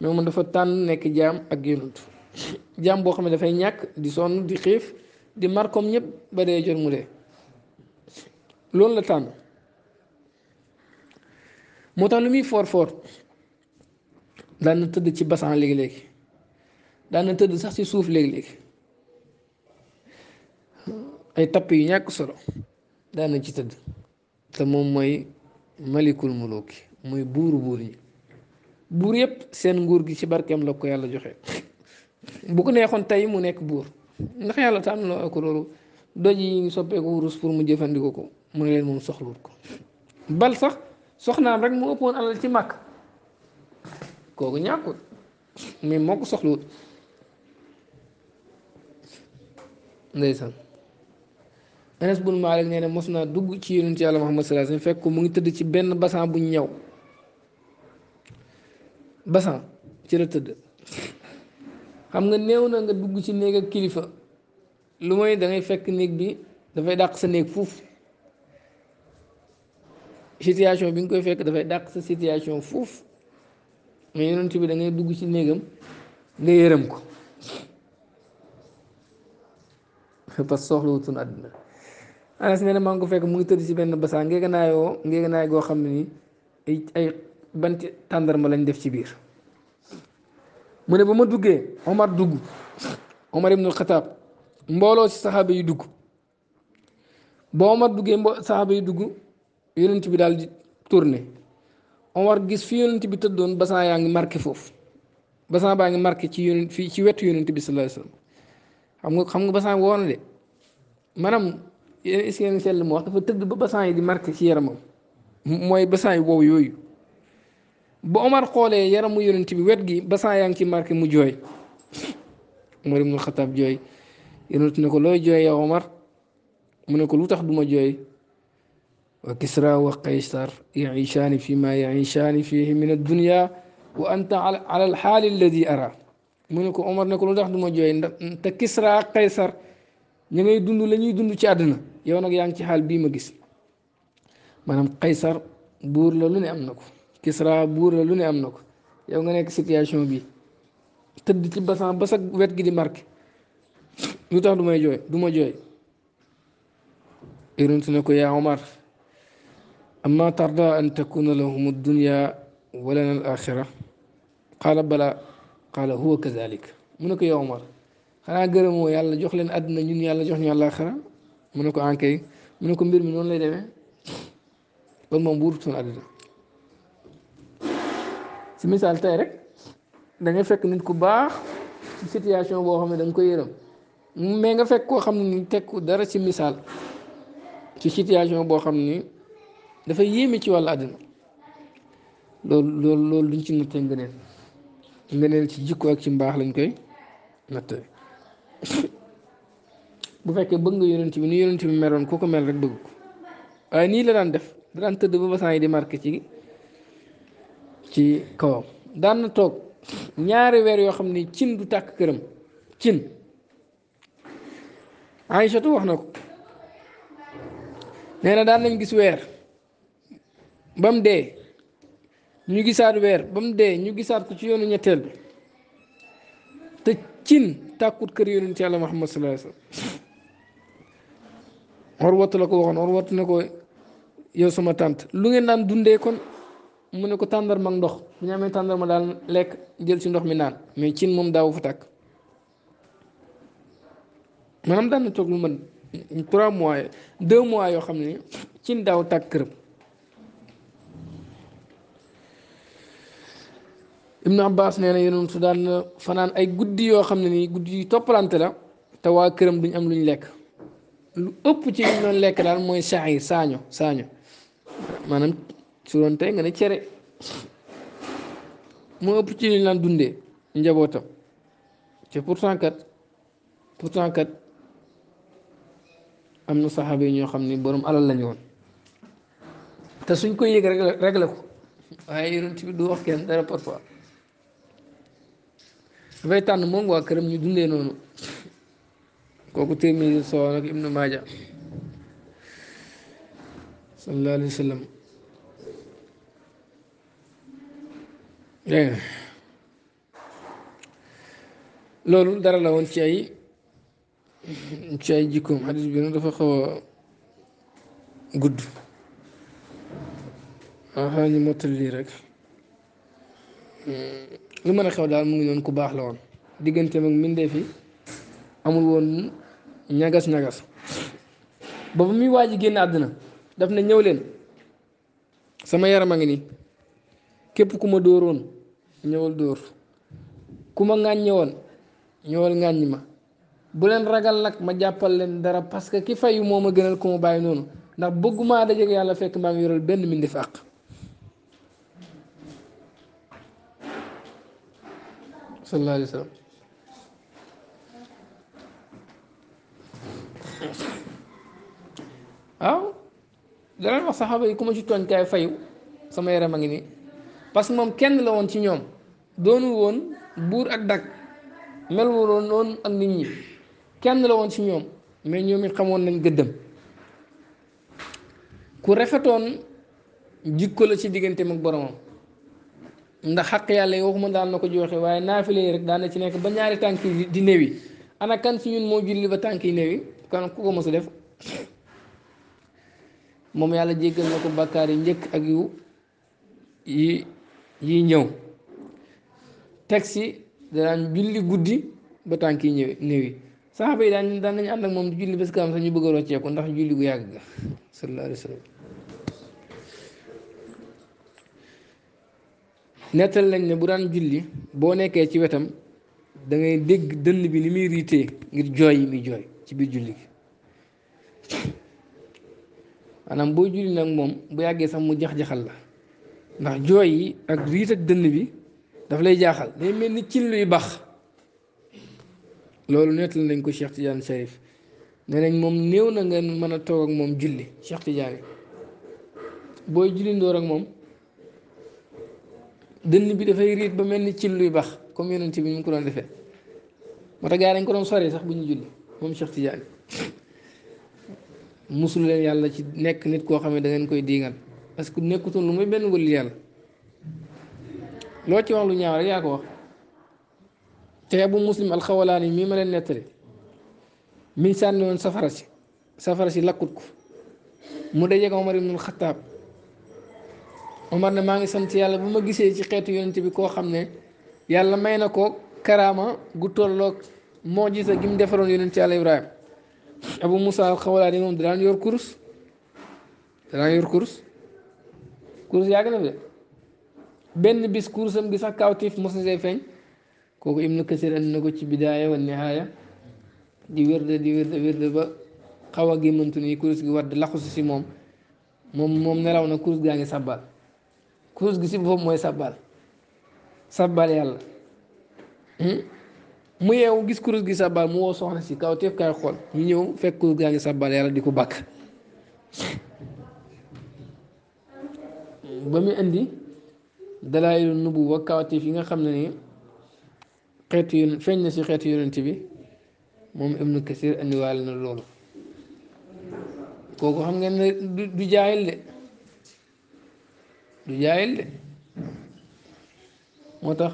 mais moom dafa tànn nekk jaam ak yonantu jaam boo xam ne dafay ñàkk di sonn di xiif di mar comme ñëpp ba dee jot mu dee loolu la tànn moo tax lu muy foor foor daan tëdd ci basan léegi-léegi daan na tëdd sax ci suuf léegi-léegi ay tapp yu ñàkk solo daan na ci tëdd te moom mooy malikul muluki mooy buuru buur yi buur yëpp seen nguur gi ci barkeem la ko yàlla joxe bu ko neexoon tey mu nekk buur ndax yàlla tànn loo ko loolu doj yi ngi soppeeku wurus pour mu jëfandikoo ko mu ne leen moom soxluwut ko bal sax soxnaam rek mu ëppoon alal ci màkk kooku ñàkkul mais moo ko soxluwut ndeysaan Anas ma Maalik nee ne mos naa dugg ci yonent yàlla Muhammad sallallahu alayhi wasallam fekk ko mu ngi tëdd ci benn basan bu ñëw basan ci la tëdd xam nga néew na nga dugg ci néeg kilifa lu mooy da fekk néeg bi dafay dàq sa fuuf situation bi nga koy fekk dafay dàq sa situation fuuf mais bi da ngay dugg ci néegam nga yërëm ko parce que soxlawutoon àdduna anas nee na maa ngi ko fekk mu ngi tëdd si benn basaan ngéeganaayoo ngéeganaay goo xam ne ni ay banti tàndarma lañ def ci biir mu ne ba ma duggee omar dugg omar ibnul xataab mbooloo si saxaaba yi dugg ba omar duggee mbo saxaaba yi dugg yonent bi daal di tourné omar gis fi yonent bi tëddoon basaan yaa ngi marqué foofu basaan baa ngi marqué ci yonent fii ci wetu yonent bi sallallahu alayhi wasallam xam nga xam nga basaan woon de maanaam seen sell mu wax dafa tëdd ba basan yi di marqué ci yaramam mooy basan yi wow yooyu ba Omar xoolee yaramu yonent bi wet gi basan yaa ngi ci marqué mu jooy Omar ibnul Xataab jooy yonent ne ko looy jooy yow Omar mu ne ko lu tax duma jooy wa kisra wa qaysar yaishaani fi ma yaishaani fihi min addunia wa anta ala alxaali alladi ara mu ne ko Omar ne ko lu tax duma jooy ndax te kisra ak qaysar ñay ngay dund la dund ci aduna yow nak yaang ci xal bi ma gis manam qaysar buur la lu ne am nako kisra buur la lu ne am nako yow nga nek situation bi teud ci bassin ba sa wet gi di marqué lu tax dumay joy duma joy ma jooy iruntu ko yaa omar amma tarda an takuna lahum addunya wa lana al axira qaala bala qaala huwa kadalik mu ne omar xanaa gërëmoo yàlla jox leen àddina ñun yàlla jox ñu àllaaxira mu ne ko ankay ah, mu ne ko mbir mi noonu lay demee kon moom buurutoon àddina si misaal tey rek fekk nit ku baax ci situation boo xam ne da nga koy mais nga fekk koo xam ni tekku dara ci misaal ci situation boo xam ni dafay yéeme ci wàllu àdduna loolu loolu loolu duñ ci nattee ngëneel ngëneel ci jikko ak ci mbaax lañ koy nattee <coughs> bu fekkee bëgg nga yonent bi ni yonent bi meloon ku ko mel rek bëgg ko waaye nii la daan def da daan tëdd ba basan yi di marke ci ci kawam daan na toog ñaari weer yoo xam ne cin du tàkk këram cin Aïchatu wax na ko nee na daan nañ gis weer ba mu dee ñu gisaat weer ba mu dee ñu gisaat ko ci yoonu ñetteel bi te cin tàkkut kër yonent yàlla Muhammad sallallahu alayhi wa sallam Urwatu la ko waxoon Urwatu ne ko yow sama tànt lu ngeen daan dundee kon mu ne ko tàndarma ak ndox bu ñu amee tàndarma daal lekk jël ci ndox mi naan mais cin moom daawu fa tàkk maanaam daan na toog lu mën trois mois deux mois yoo xam ne cin daaw tàkk këram. Ibnu naa baas na yéen su daan fanaan ay guddi yoo xam ne nii guddi yu toppalante la te waa këram duñ am luñ lekk lu ëpp ci li doon lekk daal mooy saayir saaño saaño maanaam su doon cere moo ci liñ daan dundee njabootam te pourtant kat pourtant am na saxaaba yi ñoo xam ni boroom alal lañu woon te suñ koy yëg rek rek ko waaye yonent bi du wax kenn dara parfois. dafay tànn moom waa këram ñu dundee noonu kooku Tirmidi soo nag Ibnu Maaja sallallahu alayhi wa loolu dara la woon ci ay ci ay jikkoom xadis bi nag dafa xaw gudd waaw xanaa ñu mottali lii lu mën a xew daal mu ngi noonu ku baax la woon diggante mag mbindeef yi amul woon ñagas ñagas ba ba muy waaj génn àddina def na ñëw leen sama yaram a ngi nii képp ku ma dóoroon ñëwal dóor ku ma ŋàññi woon ñëwal ŋàññi ma bu leen ragal nag ma jàppal leen dara parce que ki fayu moo ma gënal ku ma bàyyi noonu ndax bëgguma dajeek yàlla fekk maa ngi yoral benn mbindeef àq sallallahu alayhi waaw danañ wax saxaaba yi ku ma ci tooñ kaay fayu sama yaram a ngi nii parce que moom kenn la woon ci ñoom doonu woon buur ak dag mel woon noonu ak nit ñi kenn la woon ci ñoom mais ñoom it xamoon lañ gëddam ku rafetoon jikko la ci diggante ak boromam ndax xaq yàlla yi waxuma daan na ko joxe waaye naafile yi rek daan na ci nekk ba ñaari tànk yi di néewi ana kan si ñun moo julli ba tànk yi néewi kan ku ko mos a def moom yàlla jéggal na ko bàkkaar yi njëkk ak yu yi yi ñëw teg si daan julli guddi ba tànk yi ñëw néewi saxaaba yi daan daan nañu ànd ak moom di julli bés kaam sax ñu bëgg a rocceeku ndax julli gu yàgg <laughs> sallallahu alayhi nettal nañ ne bu daan julli boo nekkee ci wetam dangay dégg dënn bi ni muy riitee ngir jooy yi muy jooy ci biir julli gi maanaam boo julli nag moom bu yàggee sax mu jax-jaxal la ndax jooy yi ak riit ak dënn bi daf lay jaaxal day mel ni cin luy bax loolu nettal nañ ko Cheikh Tidiane Sarif ne nañ moom néew na nga mën a toog ak moom julli Cheikh Tidiane booy julli ndoor ak moom dënn bi dafay riit ba mel ni cin luy bax comme yonent bi ñu ngi ko doon defee moo tax gaa dañ ko doon sori sax bu ñu julli moom Cheikh Tidiane musul leen yàlla ci nekk nit koo xam ne koy diiŋal parce que nekkutoon lu muy benn wëli yàlla lu ñaaw rek yaa ko wax te Abu Muslim alxawalaani mii ma leen nettali miñ woon safara si safara si lakkut ko mu dajeeg Omar ibnul Xataab Omar ne maa ngi sant yàlla bu ma gisee ci xeetu yonent bi koo xam ne yàlla may na ko karaama gu tolloog moo gisa gi mu defaroon yonent yàlla Ibrahima Abu Moussa al-Xawlaani moom daan yor kurus daan yor kurus kurus yàgg na fi benn bis kurusam gi sax kawtif mos na see feeñ kooku Ibnu Kasir ko ci bidaaya wa nihaaya di wérde di wérde wérde ba xaw a gémmantu nii kurus gi war di laxusu si moom moom moom nelaw na kurus gaa ngi sabbal kuus gi si boobu mooy sabbal sabbal yàlla hmm? mu yeewu gis kurus gi sabbal mu woo soxna si kaw teef kaay xool ñu ñëw fekk kurus gaa ngi sabbal yàlla di ko bàkk hmm, ba muy indi dalaayilu nubuwa kawtif yi nga xam ne ni xeetu yoon feeñ na si xeetu yonent bi moom ibnu kasir indiwaale na loolu kooku xam ngeen ne du jaayil de du jaayil de moo tax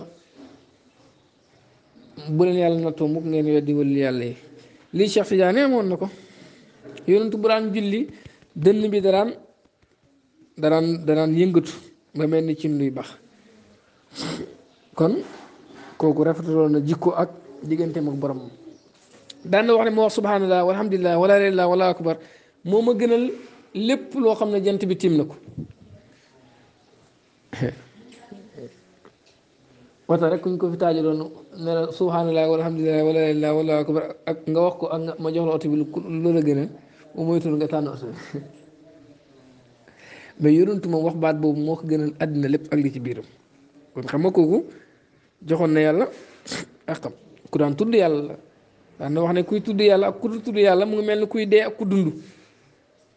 bu leen yàlla nattoo mukk ngeen weddi wëlli yàlla yi lii Cheikh Tidiane amoon na ko yonentu bu daan julli dënn bi daraan daraan daraan yëngatu ba mel ni cim luy bax kon kooku rafetaloon na jikko ak digganteem ak boromam daan na wax ne ma wax subhanallah walhamdulillah wala ilaha illallah wala akbar moo ma gënal lépp loo xam ne jant bi tiim na ko wata rek kuñ ko fi taajaloon ne la subhanallah walhamdulilah wala ilaha wala akbar ak nga wax ko ak ma jox la oto bi lu la gën a mu moytul nga tànn oto bi <laughs> mais yonent wax baat boobu moo ko gënal àddina lépp ak li ci biiram kon xam nga kooku joxoon na yàlla ak xam ku daan tudd yàlla la daan wax ne kuy tudd yàlla ak ku tudd yàlla mu ngi mel ni kuy dee ak ku dund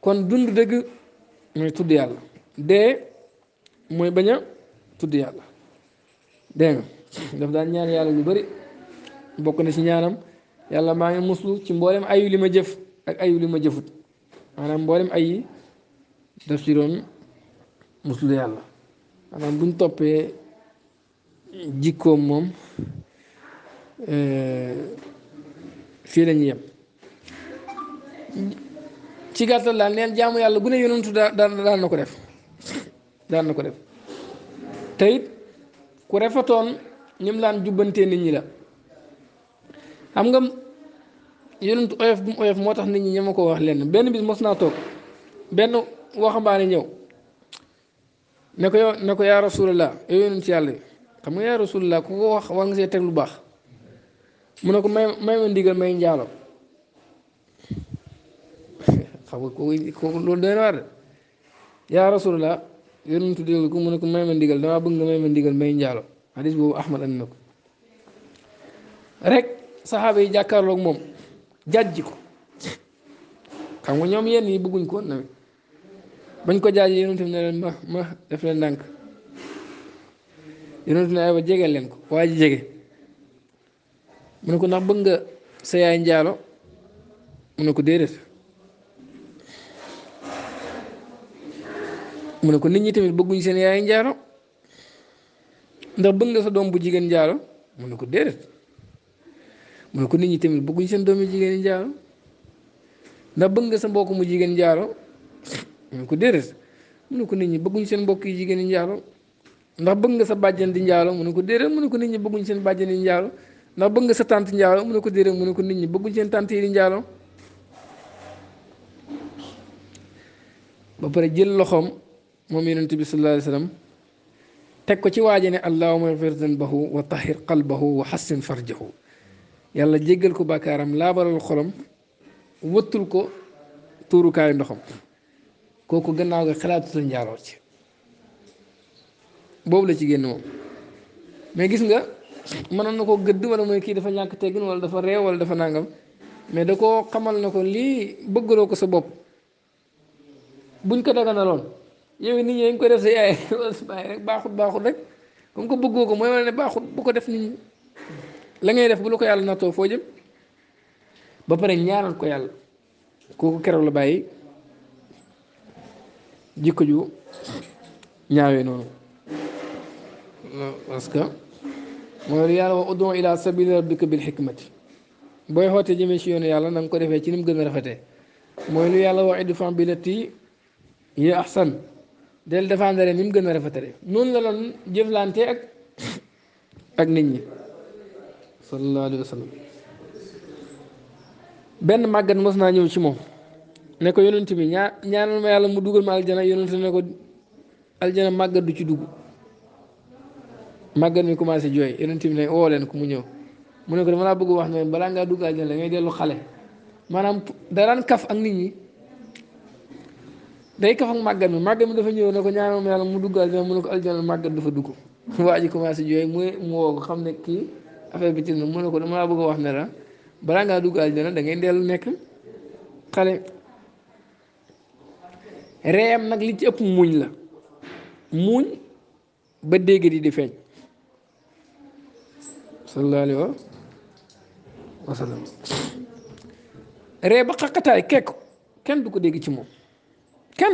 kon dund dëgg mooy tudd yàlla dee. mooy bañ a tudd yàlla dégg nga daf daan ñaan yàlla lu bari bokk na ci ñaanam yàlla maa ngi muslu ci mboolem ayu li ma jëf ak ayu li ma jëfut maanaam mboolem ay yi daf ci doon muslu yàlla maanaam buñ toppee jikkoom moom eh, fii la ñuy yem ci gàttal daal neen jaamu yàlla gune ne yonentu daan na ko def daan na ko def te ku rafetoon ñim laan jubbante nit ñi la xam nga yonent oyof bu mu oyof moo tax nit ñi ñama ko wax lenn benn bis mos naa toog benn waxambaane ñëw ne ko yow ko yaa rasulallah yow yonent yàlla bi xam nga yaa rasulallah ku ko wax war nga see teg lu baax mu ne ko may may ma ndigal may njaalo <laughs> xam nga kooku kooku loolu doy na waar de yaa rasulallah yonent digal ko mu ne ko may ma ndigal damaa bëgg nga may ma ndigal may njaalo hadis boobu ahmad am na ko rek saxaaba yi jàkkaarloog moom jàjji ko xam nga ñoom yenn yi bëgguñ koon woon bañ ko jaajee yonent bi ne leen ma ma def leen ndànk yonent bi leen ko waa jege mu ko ndax bëgg nga sa yaay njaalo mu ne ko déedéet mu ne ko nit ñi tamit bëgguñu seen yaay njaaro ndax bëgg nga sa doom bu jigéen njaaro mu ne ko déedéet mu ko nit ñi tamit bëgguñ seen doom yu jigéen njaaro ndax bëgg nga sa mbokk mu jigéen njaaro mu ko déedéet mu ne ko nit ñi bëgguñ seen mbokk yu jigéen njaaro ndax bëgg nga sa bàjjan di njaaro mu ne ko déedéet mu ne ko nit ñi bëgguñ seen bàjjan di njaaro ndax bëgg nga sa tante njaaro mu ne ko déedéet mu ne ko nit ñi bëgguñ seen tante yi ba pare jël loxoom. moom yonent bi sallallahu alayhi wa sallam teg ko ci waaje ne allahuma ghfir zanbahu wa tahir qalbahu wa hassin farjahu yàlla jéggal ko laa laabalal xolam wëttul ko tuurukaayu ndoxam kooku gannaaw ga xalaatutal njaaloo ci boobu la ci génn moom mais gis nga mënoon na ko gëdd wala mooy kii dafa ñàkk teggin wala dafa réew wala dafa nangam mais da koo xamal na ko lii bëggaloo ko sa bopp buñ ko daganaloon yow nit ñi dañ ko def sa yaay <laughs> rek baaxut baaxut rek comme ko bëggoo ko mooy wane ne baaxut bu ko def nit ñi la ngay def bu la ko yàlla nattoo foo jëm ba pare ñaanal ko yàlla kooku keroog la bàyyi jikko ju ñaawee noonu parce que mooy lu yàlla wax ud'u ila sabili rabbika bil hikmati booy xootee jëmee ci yoonu yàlla na nga ko defee ci ni mu gën rafetee lu yàlla wax idfa' billatii del défendre ni mu gën a rafetale noonu la doon jëflante ak nit ñi sallallahu alayhi wa sallam benn màggat mos naa ñëw ci moom nekk ko yonent bi ñaa ñaanal ma yàlla mu dugal ma aljana yonent ne ko aljana màggat du ci dugg màggat mi commencé jooy yonent bi ne woo leen ko mu ñëw mu ne ko laa bëgg wax ne balaa ngaa dugg aljana da ngay dellu xale maanaam daraan kaf ak nit ñi day kaf ak màggat mi màggat mi dafa ñëw ne ko ñaanal ma yàlla mu dugg aljana mu ne ko aljana màggat dafa dugg <laughs> waa ji commencé jooy muy mu woo ko xam ne kii affaire bi ci na mu ne ko dama laa bëgg a wax ne la balaa ngaa dugg aljana da ngay dellu nekk xale reem nag li ci ëpp muuñ la muuñ ba dégg di di feeñ sallallahu alayhi wa sallam ree ba xaqataay kekk kenn du ko dégg ci moom kenn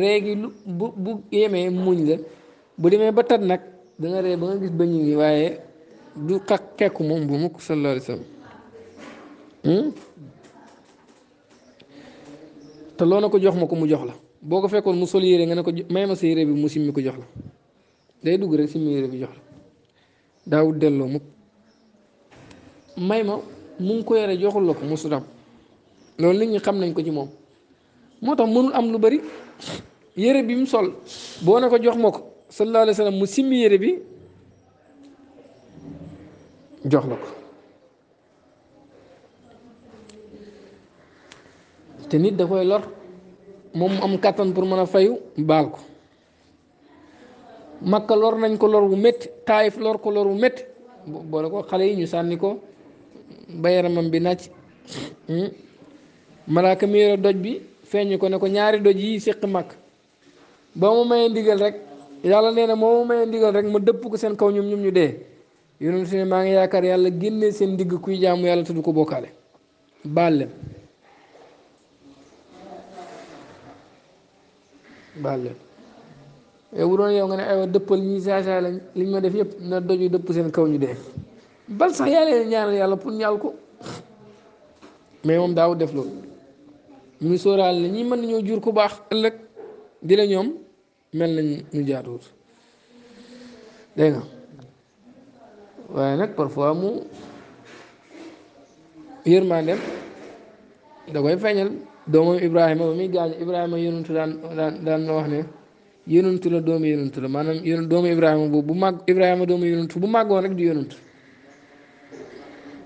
ree gi lu bu bu yemee muñ la bu demee ba tat nag danga nga ree ba nga gis bëñ gi waaye du xaq kekku moom bu mukk sallallahu hmm? te loo ko jox ma ko mu jox la boo ko fekkoon mu sol yére nga ne ko ma yére bi mu ko jox la day dugg rek simmi yére bi jox la daawut delloo may ma mu ko yore joxul la ko musuram loolu nit ñi xam nañ ko ci moom moo tax mënul am lu bari yére bi mu sol boo ne ko jox ma ko sallallahu alayhi wa sallam mu simmi yére bi jox la ko te nit da koy lor moom mu am kàttan pour mën a fayu baal ko makka lor nañ ko lor wu métti taayif lor ko lor wu métti boole ko xale yi ñu sànni ko ba yaramam bi nàcc hmm? malaaka mi doj bi feeñu ko ne ko ñaari doj yi séq mag boo ma mayee ndigal rek yàlla nee na moo ma mayee ndigal rek ma dëpp ko seen kaw ñoom ñoom ñu dee yonent ne maa ngi yaakaar yàlla génnee seen ndigg kuy jaamu yàlla tudd ko bokkaale baal doon yow nga ne aywa dëppal ñi saasaay lañ liñ ma def yëpp na doju dëpp seen kaw ñu dee bal sax yàlla ñaanal yàlla pour ñu ko mais moom daaw def loolu muy sóoraal ne ñi mën nañoo jur ku baax ëllëg di la ñoom mel nañ ñu jaaduwut dégg nga waaye nag parfois mu yërmaandeem da koy feeñal doomam Ibrahima ba muy gaañ Ibrahima yonantu daan daan daan wax ne yonantu la doomu yonantu la maanaam yonantu doomu Ibrahima boobu bu màgg Ibrahima doomu yonantu bu màggoon rek di yonantu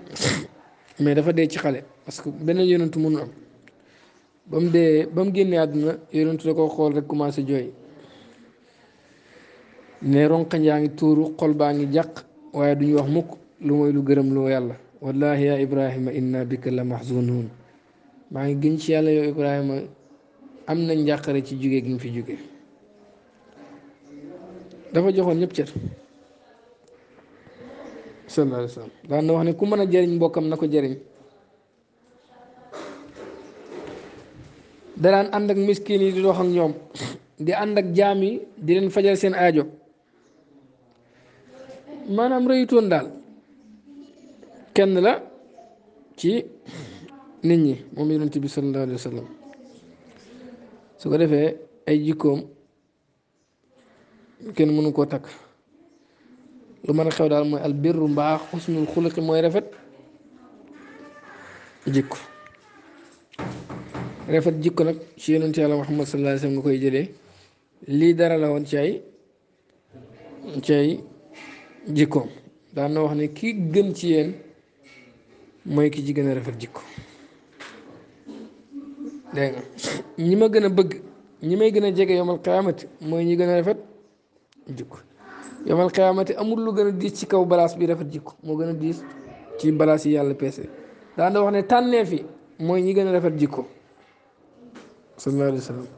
<coughs> mais dafa dee ci xale parce que benn yonantu mënul am. ba mu dee ba mu génnee àdduna yonentu koo xool rek jooy ne ronqañ yaa ngi tuuru xol baa ngi jàq waaye duñu wax mukk lu mooy lu gërëm loo yàlla wallahi yaa ibrahima inna bika la mahzunun maa ngi gën ci yàlla yow ibrahima am na njàqare ci jóge gi mu fi jóge dafa joxoon ñëpp cër sallallahu alayhi wa sallam daan wax ne ku mën a jëriñ mbokkam na ko jëriñ danaan ànd ak miskin yi di dox ñoom di ànd ak jaam yi di leen fajal seen aajo maanaam rëyutoon daal kenn la ci nit ñi moom yonent bi sallallahu alayhi wa su ko defee ay jikkoom kenn mënu koo takk lu mën a xew daal mooy albirru mbaax xusnul xuluqi mooy rafet jikko rafet jikko nag ci yonent yàlla Muhammad sallallahu alayhi nga koy jëlee lii dara la woon ci ay ci ay jikko na wax ne kii gën ci yéen mooy ki ci gën a rafet jikko ñi ma gën a bëgg ñi may gën a jege yomal qiyaamati mooy ñi gën a rafet jikko yomal qiyaamati amul lu gën a diis ci kaw balaas bi rafet jikko moo gën a diis ci balaas yi yàlla peese daan wax ne tànneef yi mooy ñi gën a rafet jikko sallallahu alayhi wa sallam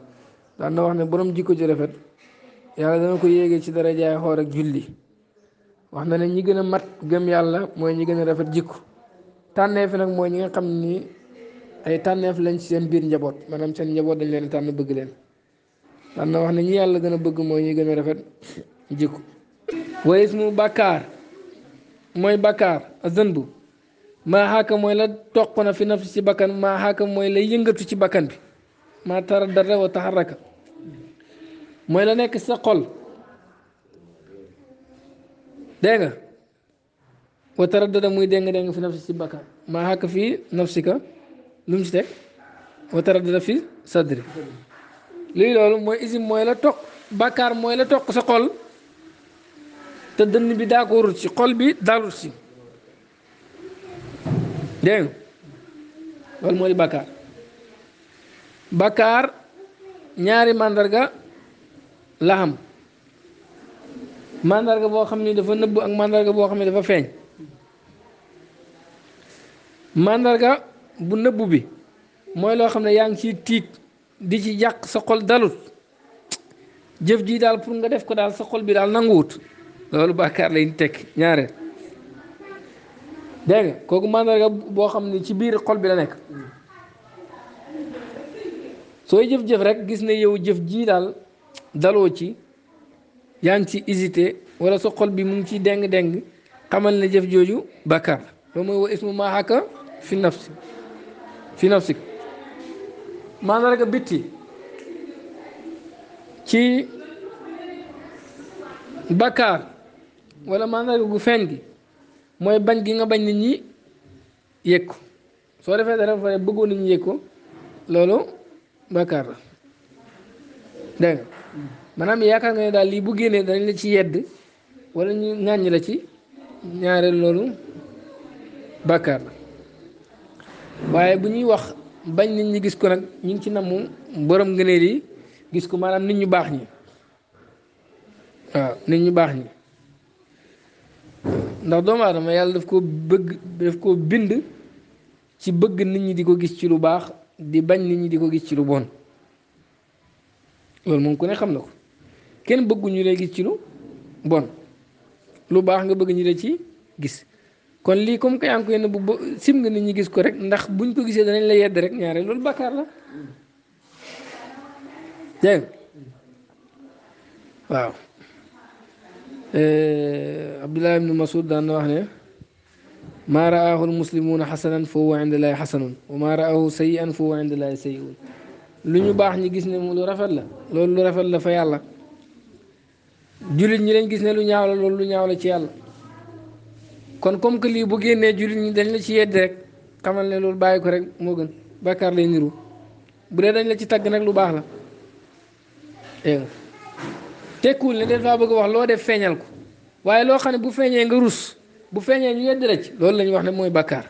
daan na wax ne borom jikko ji rafet yàlla dana ko yéegee ci dara jaay xoor ak julli wax na ne ñi gën a mat gëm yàlla mooy ñi gën a rafet jikko tànneef nag mooy ñi nga xam ni ay tànneef lañ ci seen biir njaboot maanaam seen njaboot dañ leen tànn bëgg leen daan na wax ne ñi yàlla gën a bëgg mooy ñi gën rafet jikko waaye ismu bàkkaar mooy bàkkaar zënbu maa xaaka mooy la toq na fi nafsi ci bakkan maa mooy la yëngatu ci bakkan bi maa tara dara wa taxaraka mooy la nekk sa xol dégg nga wa tara dara muy dégg nga dégg nga fi nafsi si bakka maa xàkk fii nafsika lu mu si teg wa tara dara fi sadri lii loolu mooy isim mooy la toq bakkaar mooy la toq sa xol te dënn bi daa ko rut si xol bi daalul si dégg nga loolu moo di bakkaar bakaar ñaari màndarga la am màndarga boo xam ni dafa nëbb ak màndarga boo xam ne dafa feeñ màndarga bu nëbbu bi mooy loo xam ne yaa ngi ciy tiig di ci jàq sa xol dalut jëf ji daal pour nga def ko daal sa xol bi daal nanguwut loolu bàkkaar lay tekki ñaareel dégg nga kooku màndarga boo xam ne ci biir xol bi la nekk sooy jëf-jëf rek gis ne yow jëf jii daal daloo ci yaa ci hésité wala sa xol bi mu ngi ci deng-deng xamal ne jëf jooju bàkkaar loolu mooy wa ismu maaxaka fi nafsi fi nafsik mandarga bitti ci bàkkaar wala mandarga gu feeñ gi mooy bañ gi nga bañ nit ñi yëg ko soo defee dara ba pare bëggoon nit ñi yëg ko loolu bàkkaar la dégg nga yaakaar nga ne daal lii bu génnee dañ la ci yedd wala ñu ŋàññ la ci ñaareel loolu bàkkaar la waaye bu ñuy wax bañ nit ñi gis ko nag ñu ngi ci namu borom ngëneel yi gis ko maanaam nit ñu baax ñi waaw nit ñu baax ñi ndax doomu aadama yàlla daf ko bëgg daf ko bind ci bëgg nit ñi di ko gis ci lu baax di bañ nit ñi di ko gis ci lu bon loolu moom ku ne xam na ko kenn bëgguñu ñu lay gis ci lu bon lu baax nga bëgg ñu la ci gis kon lii comme que yaa ngi koy nëbbu sim nga nit ñi gis ko rek ndax bu buñ ko gisee danañ la yedd rek ñaare loolu bakkaar la dégg waaw euh, Abdullah ibnu Masud daan wax ne maa ra'aahu almuslimuuna xasanan fa huwa inda llaahi xasanun wa maa ra'aahu sayyi'an fa huwa inda llaahi sayyi'un lu ñu baax ñi gis ne mu lu rafet la loolu lu rafet la fa yàlla jullit ñi lañ gis ne lu ñaaw la loolu lu ñaaw la ci yàlla kon comme que lii bu génnee jullit ñi dañ la ci yedd rek kamal ne loolu bàyyi ko rek moo gën bàkkaar lay niru bu dee dañ la ci tagg nag lu baax la dégg tekkuwul ne dañ faa bëgg wax loo def feeñal ko waaye loo xam bu feeñee nga rus bu feeñee ñu yedd ci loolu la ñuy wax ne mooy bàkkaar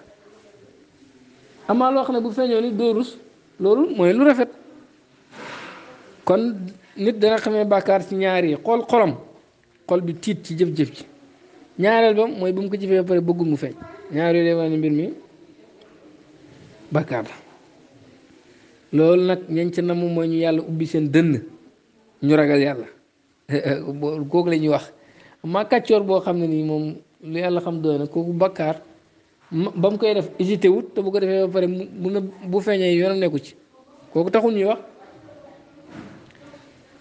amaa loo xam ne bu feeñoo nit doo loolu mooy lu rafet kon nit dana xamee bàkkaar ci ñaari xool xolom xol bi tiit ci jëf-jëf ji ñaareel ba mooy bu mu ko jëfee ba pare bëggul mu feeñ ñaar yooyu day wane mbir mi bàkkaar la loolu nag ñenc na mu mooy ñu yàlla ubbi seen dënn ñu ragal yàlla <laughs> kooku la ñuy wax ma kàccoor boo xam ne nii moom lu yàlla xam doy na kooku bakkaar ba mu koy def hésité wut te bu ko defee ba pare mu ne bu feeñee yoonam nekku ci kooku taxul ñuy wax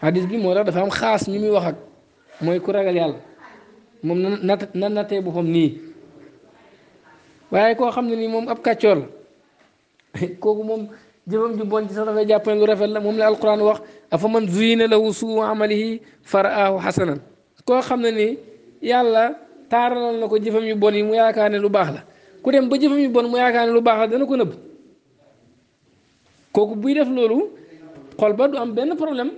hadis bi moo tax dafa am xaas ñu muy wax ak mooy ku ragal yàlla moom na na nattee boppam nii waaye koo xam ne nii moom ab kàccoor la kooku moom jëfam ju bon ci sax dafay jàpp ne lu rafet la moom la alquran wax afa man zuyina lahu suu amalihi faraahu xasanan koo xam ne nii yàlla taaralal na ko jëfam yu bon yi mu yaakaar ne lu baax la ku dem ba jëfam yu bon mu yaakaar ne lu baax la dana ko nëbb kooku buy def loolu xol ba du am benn problème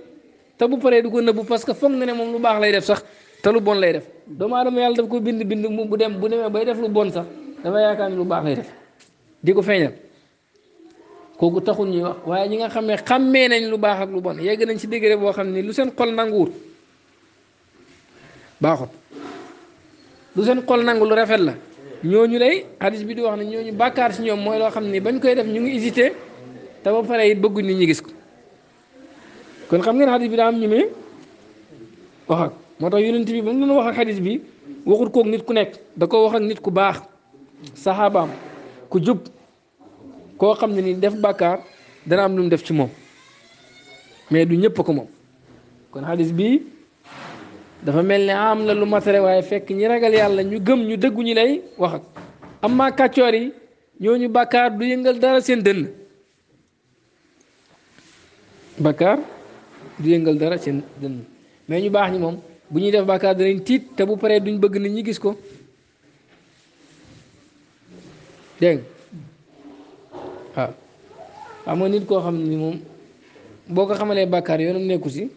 te bu paree du ko nëbb parce que foog na ne moom lu baax lay def sax te lu bon lay def doomu aadama yàlla daf ko bind bind mu bu dem bu demee bay def lu bon sax dafa yaakaar ne lu baax lay def di ko feeñal kooku taxul ñuy wax waaye ñi nga xam ne xàmmee nañ lu baax ak lu bon yegg nañ ci degré boo xam ne lu seen xol nanguwul lu seen xol nangu lu rafet la ñoo ñu lay xadis bi di wax ñoo ñu bàkkaar si ñoom mooy loo xam ne bañ koy def ñu ngi hésité te ba pare it bëgguñ nit ñu gis ko kon xam ngeen xadis bi daa am ñu muy moo tax yonent bi ba mu doon bi waxut koog nit ku nekk da ko wax ak nit ku baax saxaabaam ku jub koo xam ne ni def bàkkaar dana am lu mu def ci moom mais du ñëpp ko moom kon xadis bi dafa mel ni am la lu matare waaye fekk ñi ragal yàlla ñu gëm ñu dëggu ñu lay wax am maa kàccoor yi ñooñu bàkkaar du yëngal dara seen dënn bàkkaar du yëngal dara seen dënn mais ñu baax ñi moom bu ñuy def bàkkaar danañ tiit te bu paree duñ bëgg nit ñu gis ko dégg waaw xam nga nit koo xam ni moom boo ko xamalee bàkkaar yoonam nekku si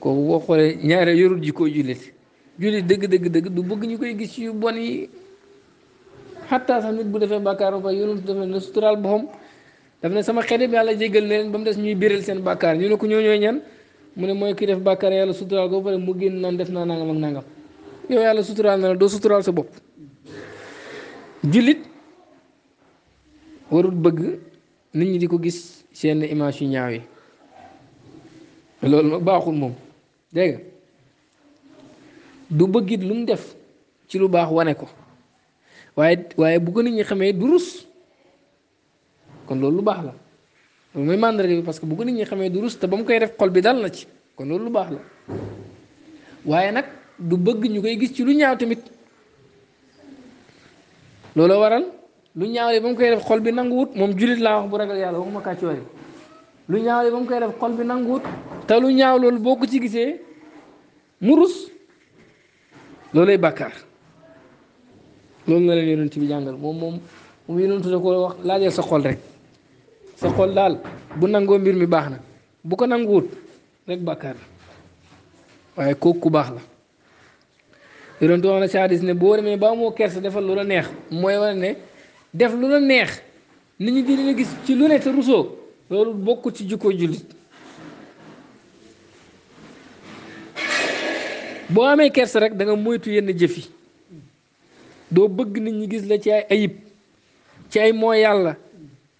kooku boo xoolee ñaare yorul ji koo jullit jullit dëgg dëgg dëgg du bëgg ñu koy gis ci yu bon yi xataa sax nit bu defee bàkkaar ba pare yonent dafa ne suturaal boppam daf ne sama xeet yàlla jégal na leen ba mu des ñuy biral seen bàkkaar ñu ne ko ñoo ñooy ñan mu ne mooy kii def bàkkaar yàlla suturaal ko ba pare mu génn naan def naa nangam ak nangam yow yàlla suturaal na la doo suturaal sa bopp jullit warul bëgg nit ñi di ko gis seen image yu ñaaw yi loolu baaxul moom. dégg nga du bëggit lu mu def ci lu baax wane ko waaye waaye bu ko nit ñi xamee du rus kon loolu lu baax la loolu mooy màndarga bi parce que bu ko nit ñi xamee du rus te ba mu koy def xol bi dal na ci kon loolu lu baax la waaye nag du bëgg ñu koy gis ci lu ñaaw tamit loolu waral lu ñaaw li ba mu koy def xol bi nanguwut moom jullit laa wax bu ragal yàlla waxuma kàccoor yi lu ñaaw li ba mu koy def xol bi nanguwut talu ñaaw loolu boo ko ci gisee mu rus loolay bàkkaar loolu nga leen ci bi jàngal moom moom moom yonent da ko wax laajal sa xol rek sa xol daal bu nangoo mbir mi baax na bu ko nanguwut rek bàkkaar la waaye kooku ku baax la yonent wax na ci hadis ne boo demee ba amoo kersa defal lu la neex mooy wala ne def lu la neex nit ñi di gis ci lu ne te rusoo loolu bokk ci jikko jullit boo amee kersa rek danga moytu yenn jëf yi doo bëgg nit ñi gis la ci ay ayib ci ay mooy yàlla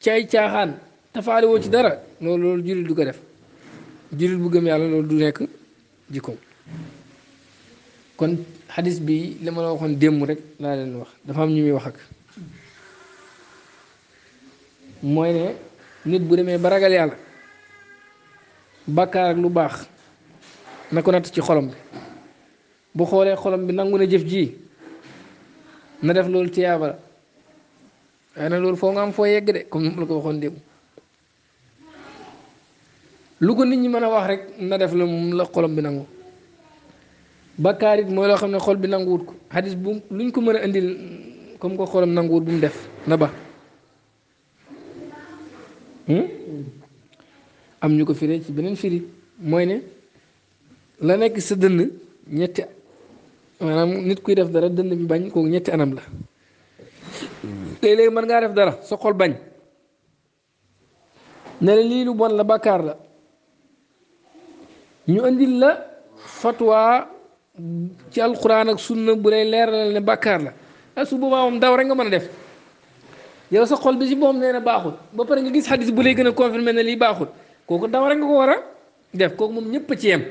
ci ay caaxaan tafaale ci dara loolu loolu jullit du ko def jullit bu gëm yàlla loolu du nekk jikko kon xadis bi li ma la waxoon démb rek laa leen wax dafa am ñu muy wax ak mooy ne nit bu demee ba ragal yàlla bàkkaar ak lu baax na ko natt ci xolom bi bu xoolee xolam bi nangu na jëf jii na def loolu tiyaaba la waaye nag loolu foo nga am foo yegg de comme ni ma la ko waxoon démb ko nit ñi mën a wax rek na def la moom bi nangu bakkaar it mooy loo xam ne xol bi nanguwut ko xadis bu luñ ko mën a indil comme ko xolam nanguwut bu mu def na ba hmm? am ñu ko firee ci beneen firi mooy ne la nekk sa dënn ñetti maanaam nit kuy def dara dënn bi bañ kooku ñetti anam la léeg-léeg mën ngaa def dara sa bañ ne la lii lu bon la bàkkaar la ñu andil la fatwa ci alquran ak sunna bu lay leeralal ne bàkkaar la ak su boobaa daw rek nga mën a def yow sa bi si boppam nee baaxul ba pare nga gis xadis bu lay gën a confirmer ne lii baaxul kooku daw rek nga ko war a def kooku moom ñëpp a ci yem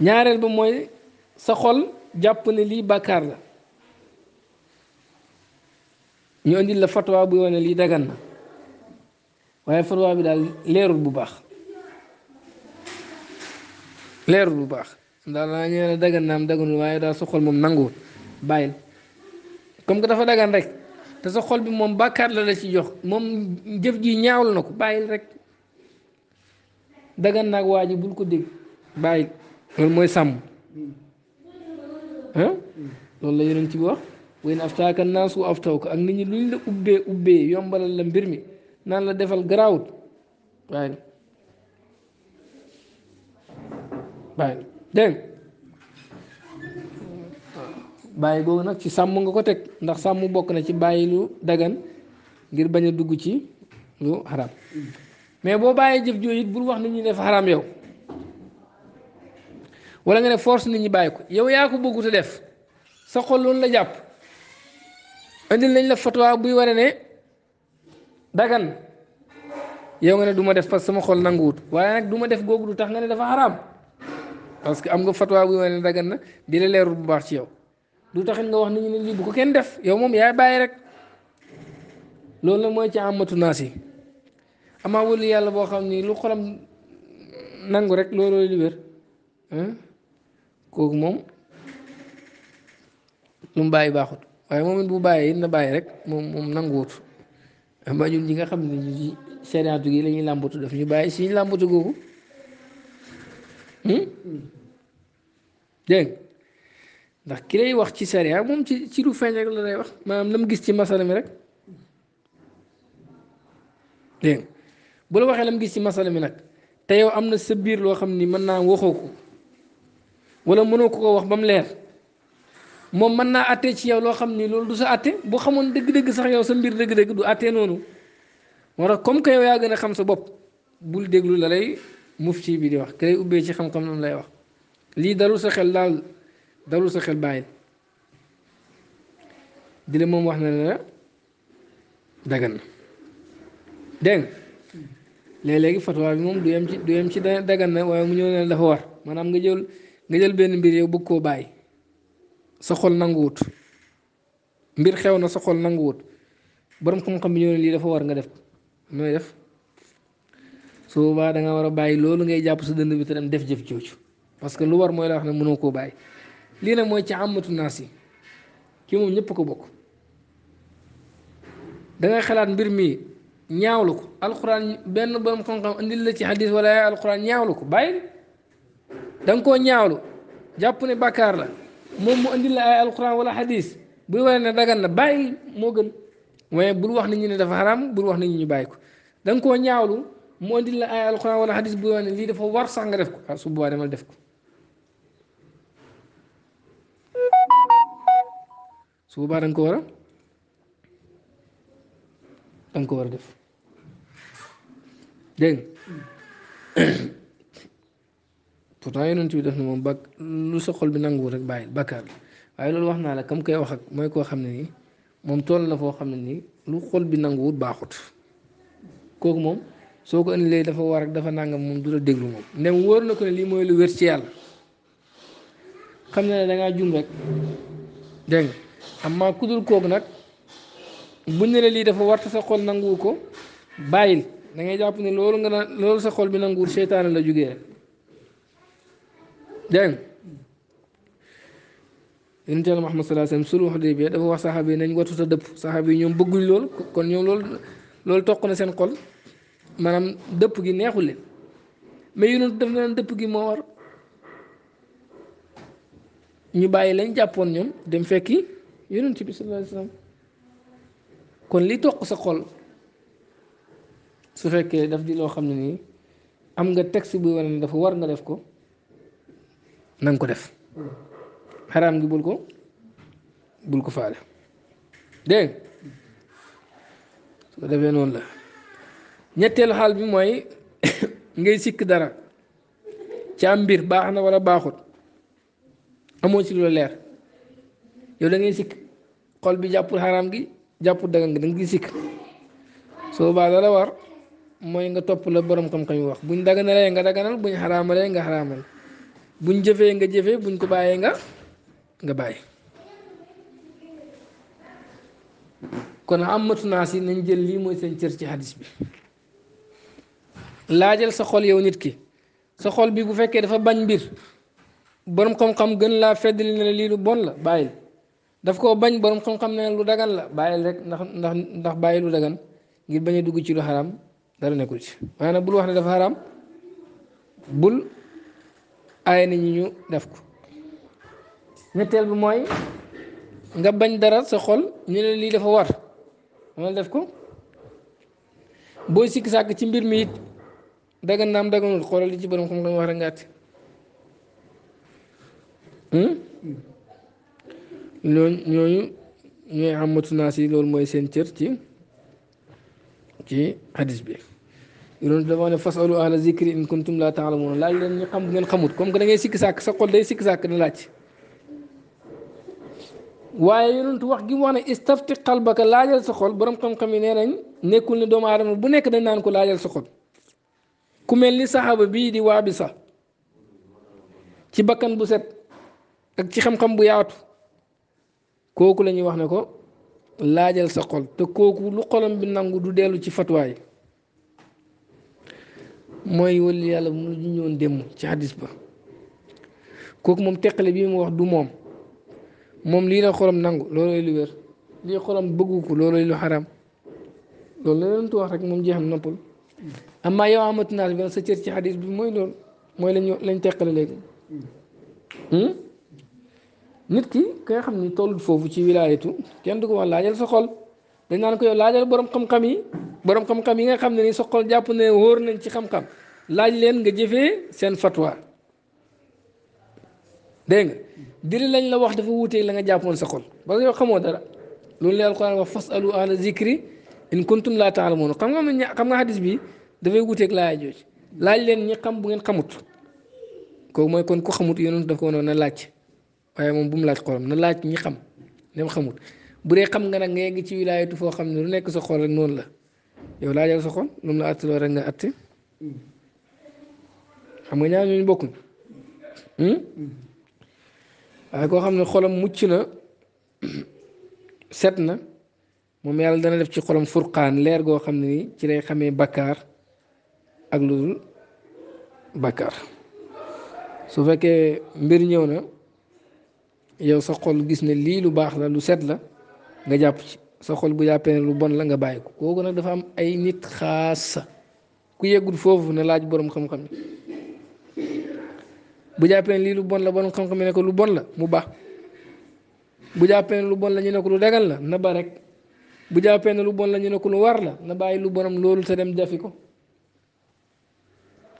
ñaareel ba mooy sa xol jàpp ne lii bàkkaar la ñu indil la fatwa buy wane lii dagan na waaye fatwa bi daal leerul bu baax leerul bu baax ndax daa ñëw ne dagan naam daganul waaye daal sa xol moom nanguwul bàyyil comme que dafa dagan rek te sa xol bi moom bàkkaar la la ci jox moom jëf ji ñaawlu na ko bàyyil rek dagan naag waa ji bul ko dégg bàyyil loolu mooy sàmm ah loolu la yonent bi wax na aftaaka naasu aftaw ko ak nit ñi luñ la ubbee ubbee yombalal la mbir mi naan la defal garaawut waaye waaye bàyyi googu nag ci sàmm nga ko teg ndax sàmm bokk na ci bàyyi lu dagan ngir bañ a dugg ci lu xaraam mais boo bàyyee jëf jooju it bul wax nit ñi def xaraam yow wala nga ne force nit ñi bàyyi ko yow yaa ko bëggut def sa xol loolu la jàpp indil nañ la fatwa buy waree ne dagan yow nga ne duma ma def parce que sama xol nanguwut waaye nag du def googu du tax nga ne dafa xaraam parce que am nga fatwa buy waree ne na di la bu baax ci yow du taxit nga wax nit ñi ne lii bu ko kenn def yow moom yaay bàyyi rek loolu nag mooy ci amatu naas yi amaa wëlu yàlla boo xam ni lu xolam nangu rek looloo li kooku moom lu mu bàyyi baaxut waaye moom it bu bàyyi na bàyyi rek moom moom nanguwut ba ñi nga xam ne ñu ci gi la ñuy làmbatu daf ñu bàyyi si ñu làmbatu googu hmm? dégg ndax ki lay wax ci sariya moom ci ci lu feeñ rek la lay wax maanaam la mu gis ci masala mi rek dégg bu la waxee la mu gis ci masala mi nag te yow am na sa biir loo xam ni mën naa waxoo ko wala mënoo ko ko wax ba mu leer moom mën naa àtte ci yow loo xam ni loolu du sa àtte boo xamoon dëgg-dëgg sax yow sa mbir dëgg-dëgg du àtte noonu moo comme que yow yaa gën a xam sa bopp bul déglu la lay mufti bi di wax kër lay ubbee ci xam-xam noonu lay wax lii dalul sa xel daal dalul sa xel bàyyil di la moom wax na la dagan na dégg nga léeg-léegi fatwa bi moom du yem ci du yem ci dagan na waaye mu ñëw ne dafa war maanaam nga jël. nga jël benn mbir yow bëgg koo bàyyi sa xol nanguwut mbir xew na sa xol nanguwut borom xam-xam bi ñëw ne lii dafa war nga def nooy def su boobaa da nga war a bàyyi loolu ngay jàpp sa dënd bi te dem def jëf jooju parce que lu war mooy la wax ne mënoo koo bàyyi lii nag mooy ci amatu naas yi kii moom ñëpp ko bokk da nga xalaat mbir mi ñaawlu ko alquran benn borom xam-xam andil la ci xadis wala yaay alxuraan ñaawlu ko bàyyi. danga nga koo ñaawlu jàpp ne bàkkaar la moom mu indi la ay alquran wala hadis buy wane ne dagan na bàyyi moo gën waaye bul wax nit ñu ne dafa xaraam bul wax nit ñi ñu bàyyi ko danga nga koo ñaawlu mu indi la ay alquran wala hadis buy wane ne lii dafa war sax nga def ko ah su boobaa def ko su ko war a da ko war a def dégg pourtant yonent bi def na moom ba lu sa xol bi nanguwul rek bàyyi bàkkaar bi waaye loolu wax naa la kam koy wax ak mooy koo xam ne nii moom toll la foo xam ne nii lu xol bi nanguwul baaxut kooku moom soo ko indilee dafa war ak dafa nangam moom du la déglu moom ndem wóor na ko ne lii mooy lu wér ci yàlla xam ne ne dangaa jum rek dégg nga amma ku dul kooku nag buñ ne lii dafa warta sa xol nanguwu ko bàyyil da ngay jàpp ne loolu nga loolu sa xol bi nanguwul seytaane la jógee rek dégg nga yonent Yàlla Muhammad sallallahu alayhi wa sallam sulh Hudaybiya dafa wax saxaaba yi nañ watu sa dëpp saxaaba yi ñoom bëgguñ loolu kon ñoom loolu loolu toq na seen xol maanaam dëpp gi neexul leen mais yonent def leen dëpp gi moo war ñu bàyyi lañ jàppoon ñoom dem fekki yonent bi sallallahu alayhi wa sallam kon li toq sa xol su fekkee daf di loo xam ne nii am nga teg bu wane ne dafa war nga def ko nanga ko def xaraam gi bul ko bul ko faale dégg de ko defee noonu la ñetteelu xaal bi mooy <coughs> ngay sikk dara ci am mbir baax na walla baaxut amoo ci lu leer yow da ngay sikk xol bi jàppul xaraam gi jàppul dagan gi da nga sikk soo baa dala war mooy nga topp la borom xam-xam yi wax buñ daganalee nga daganal buñ xaraamalee nga xaraamal buñ jëfee nga jëfe buñ ko bàyyee nga nga bàyyi kon amatu am si nañ jël lii mooy seen cër ci hadis bi laajal sa xol yow nit ki sa xol bi bu fekkee dafa bañ mbir borom xam-xam gën laa feddali ne lii lu bon la bàyyil daf koo bañ borom xam-xam ne lu dagan la bàyyil rek ndax ndax ndax bàyyi lu dagan ngir bañ a dugg ci lu xaram dara nekkul ci waaye nag bul wax ne dafa xaram bul. aay nañu ñu def ko ñetteel bi mooy nga bañ dara sa xol ñu ne lii dafa war amal def ko booy sikk sàkk ci mbir mi it dagan naam daganul xoolal li ci borom xam-xam wax rek nga àtte loolu hmm? ñooy amatu naa si loolu mooy seen cër ci ci hadis bi yonent dafa ne fasalu ahla zikri in kuntum laa taalamuun laaj leen ñu xam bu ngeen xamut comme que da ngay sikki sàkk sa xol day sikki sàkk di laaj waaye yonent wax gi mu wax ne istafti qalbaka laajal sa xol borom xam-xam yi nee nañ nekkul ne doomu aadama bu nekk dañ naan ko laajal sa xol ku mel ni saxaaba bii di waa bi sax ci bakkan bu set ak ci xam-xam bu yaatu kooku la ñuy wax ne ko laajal sa xol te kooku lu xolam bi nangu du dellu ci fatwaay mooy wëllu yàlla mu ñu ñëwoon démb ci hadis ba kooku moom teqale bii mu wax du moom moom lii la xolam nangu loolooy lu wér lii xolam bëggu ko loolooy lu xaram loolu la leen wax rek moom jeexam noppul amaa yow amatu naas bi sa cër ci hadis bi mooy loolu mooy lañ lañ teqale léegi. Hmm? nit ki ka nga xam ni tollul foofu ci wilaayatu kenn du ko wax laajal sa xol. dañ naan ko yow laajal borom xam-xam yi boroom xam-xam yi nga xam ne ni soxal jàpp ne wóor nañ ci xam-xam laaj leen nga jëfee seen fatwa dégg nga diri lañ la wax dafa wuuteeg la nga jàppoon sa xol parce xamoo dara loolu la alquran wax fas alu ahla zikri in kuntum laa taalamuun xam nga ne xam nga hadis bi dafay wuuteeg laaya jooju laaj leen ñi xam bu ngeen xamut kooku mooy kon ku xamut yonent daf ko woon na laaj waaye moom bu mu laaj xolam na laaj ñi xam ñoom xamut. bu dee xam nga nag nga yegg ci wilaayatu foo xam ne lu nekk sa xol rek noonu la yow laa jël sa xol moom la attaloo rek nga atte xam nga ñaar ñooñu bokkuñ hmm? waaye koo xam ne xolam mucc na set na moom yàlla dana def ci xolam furqaan leer goo xam ne ni ci lay xamee bakkaar ak lu dul bakkaar su fekkee mbir ñëw na yow sa xol gis ne lii lu baax la lu set la nga jàpp ci sa xol bu jàppee ne lu bon la nga bàyyi ko kooku nag dafa am ay nit xaasa ku yeggul foofu ne laaj boroom xam-xam bu jàppee ne bon la borom xam-xam ne ko lu bon la mu baax bu jàppee ne lu bon la ñu ne ko lu dagal la na ba bu jàppee ne lu bon la ñu ne ko lu war la na bàyyi lu bonam loolu sa dem jafi ko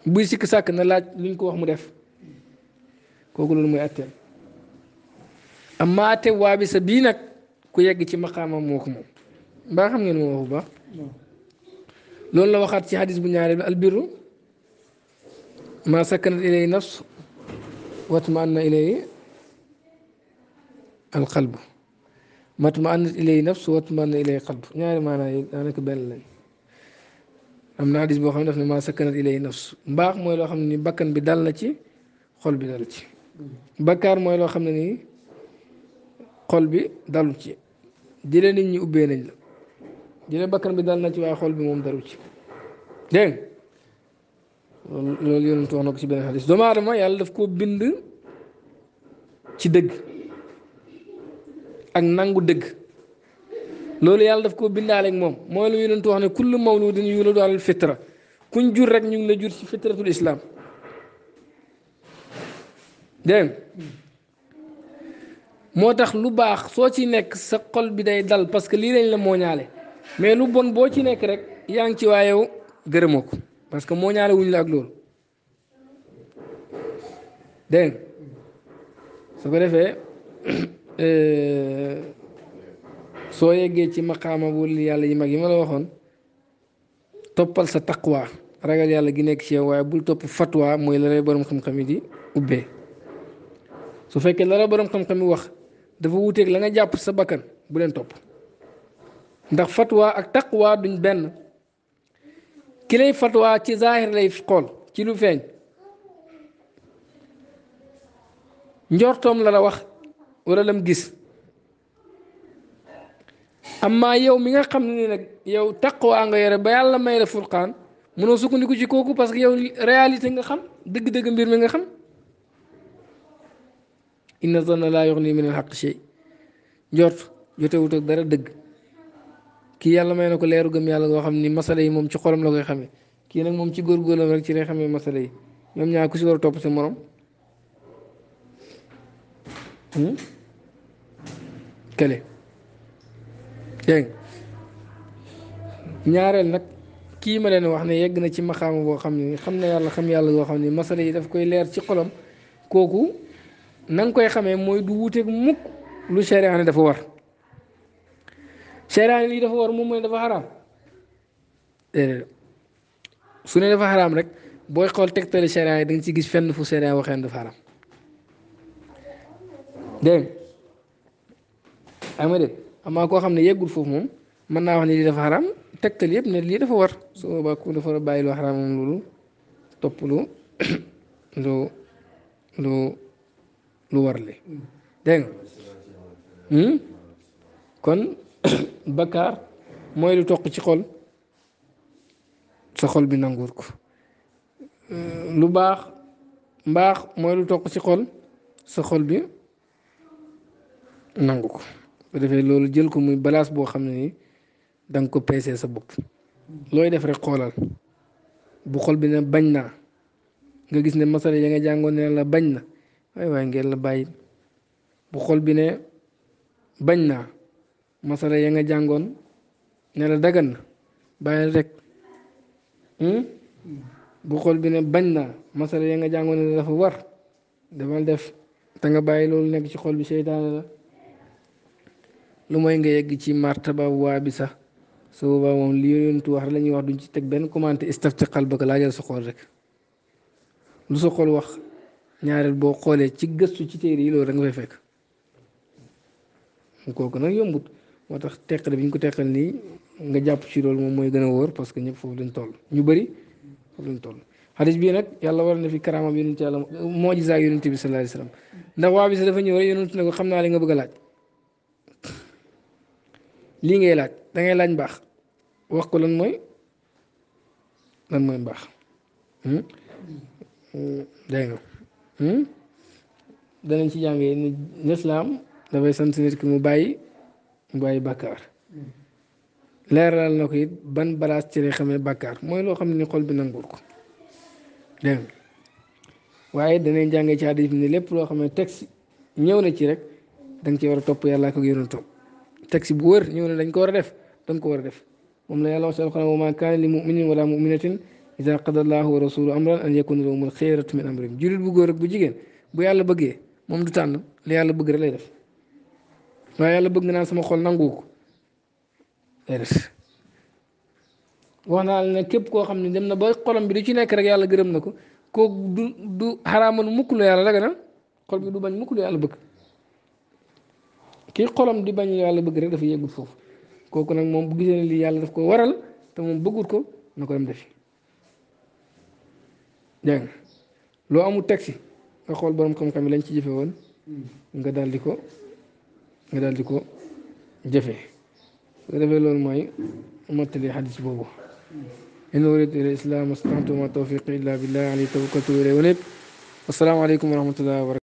buy sikk sàkk na laaj luñ ko wax mu def kooku loolu mooy atteel am maa te waa bi bii nag. ku yegg ci maqama moo ko moom mbaa xam ngeen moo ba baax loolu la waxaat ci xadis bu ñaare bi albiru ma sakkanat ilay nafs watmaanna ilay alqalbu matmaanat ilay nafs watmaanna ilay qalbu ñaari maana yi daanaka benn lañ am na xadis boo xam ne daf ne ma sakkanat ilay nafs mbaax mooy loo xam ne ni bakkan bi dal na ci xol bi dal ci bakkaar mooy loo xam ne nii xol bi dalu ci jëlee nit ñi ubbee nañ la jëlee bakkan bi dal na ci waaye xool bi moom daru ci dégg loolu loolu yonent wax na ci benn xadis doomu aadama yàlla daf koo bind ci dëgg ak nangu dëgg loolu yàlla daf koo bindaale ak moom mooy lu yonent wax ne kullu mawludin yuladu alal fitra kuñ jur rek ñu ngi la jur ci fitratul islam dégg moo tax lu baax soo ci nekk sa xol bi day dal parce que lii lañ la mooñaale mais lu bon boo ci nekk rek yaa ngi ci waayew gërëmoo ko parce que mooñaale wuñ la ak loolu dégg su ko defee <coughs> euh, soo yeggee ci maqaama bu yàlla yi mag yi ma la waxoon toppal sa taqwa ragal yàlla gi nekk ci yow waaye bul topp fatwa mooy la lay borom xam-xam yi di ubbee su fekkee la la borom xam-xam wax dafa wuuteeg la nga jàpp sa bakkan bu leen topp ndax fatwa ak taqwa duñ benn ki lay fatwa ci zaahir lay xool ci lu feeñ njortoom la la wax wala lam gis amma yow mi nga xam ne nag yow taqwa nga yore ba yàlla may la furqaan mënoo sukkandiku ci kooku parce que yow réalité nga xam dëgg-dëgg mbir mi nga xam inna na laa yuxni min al xaq shay njort jotewut ak dara dëgg kii yàlla may na ko leeru gëm yàlla goo xam ni masala yi moom ci xolam la koy xamee kii nag moom ci góorgóorlam rek ci lay xamee masala yi ñaar ku si war a topp sa morom hmm? kële dégg ñaareel nag kii ma leen wax ne yegg na ci maxaama boo xam ne xam na yàlla xam yàlla goo xam ne masala yi daf koy leer ci xolam kooku na koy xamee mooy du wuuteeg mukk lu sariyaane dafa war sariyaane lii dafa war moom mooy dafa xaraam su ne dafa xaraam rek booy xool tegtali sariya yi da nga ci gis fenn fu sariya waxee ne dafa xaraam dégg nga koo xam ne yeggul foofu moom mën naa wax ne lii dafa xaraam tegtal yëpp ne lii dafa war su boobaa ku dafa war bàyyi lu xaraam moom loolu topp lu <coughs> lu lu luar le, Deng, hmm kon <coughs> bakar moy lu tok ci xol sa xol bi nangur ko euh, lu bax mbax moy lu tok ci xol sa xol bi nangou ko bu defee loolu jël ko muy balance bo xam ni ko peesee sa bop loy def rek xolal bu xol bi ne nga gis ne masala ya nga jangone la waaye waaye ngeen la bàyyi bu xol bi ne bañ naa masala ya nga jàngoon ne la dagan na bàyyi rek hmm? bu xol bi ne bañ naa masala ya nga jàngoon ne la dafa war damal def te nga bàyyi loolu nekk ci xol bi seytaane la lu mooy nga yegg ci martaba waa bi sax su boobaa moom li yonentu wax la ñuy wax duñ ci teg benn commenté istafti qalbaka laajal sa xol rek lu sa xol wax ñaareel boo xoolee ci gëstu ci téere yi loolu danga nga fay fekk kooku nag yombut moo tax teqale bi ñu ko teqal nii nga jàpp ci loolu moom mooy gën a wóor parce que ñëpp foofu lañ toll ñu bari foofu lañ toll. xadis bii nag yàlla war na fi karaamam yonent yàlla moojiza yonent bi sallallahu alayhi wasallam ndax waa bi sa dafa ñëw rek yonent ne ko xam naa li nga bëgg a laaj lii ngay laaj da ngay laaj mbaax wax ko lan mooy lan mooy mbaax hmm? Hmm? dégg Hmm? danañ ci jàngee ni lislaam dafay sant nit ki mu bàyyi mu bàyyi bàkkaar hmm. leeral na ko it ban balaas ci lay xamee bàkkaar mooy loo xam ne xol bi nanguwul ko dégg waaye danañ jànge ci hadis bi ni lépp loo xam ne texte ñëw na ci rek da nga ci war a topp yàlla ko yónent topp texte bu wër ñëw na dañ ko war a def da ko war a def moom la yàlla wax ci alxuraan maa kaana li muminin wala muminatin ida qada allahu wa rasulu amran an yakuna lahum al min amrihim jullit bu góor bu jigéen bu yàlla bëggee moom du tànn li yàlla bëgg rek lay def waaye yàlla bëgg naa sama xol nangu ko lay def ne képp koo xam ne dem na ba xolam bi du ci nekk rek yàlla gërëm na ko kooku du du mukk lu xol bi du bañ mukk lu yàlla bëgg bañ yàlla bëgg rek dafa yëgul foofu kooku nag moom bu gisee lii yàlla daf ko waral te moom bëggut ko na ko dem defi dégg nga loo amul taxi nga xool borom xam-xam yi lañ ci jëfe woon nga di ko nga daal di ko jëfe su ko defee loolu mooy mottali xadis boobu in uriidu illa al-islaah mastata'tu wa maa tawfiiqii illaa billaah alayhi tawakkaltu wa ilayhi uniib assalaamu aleykum wa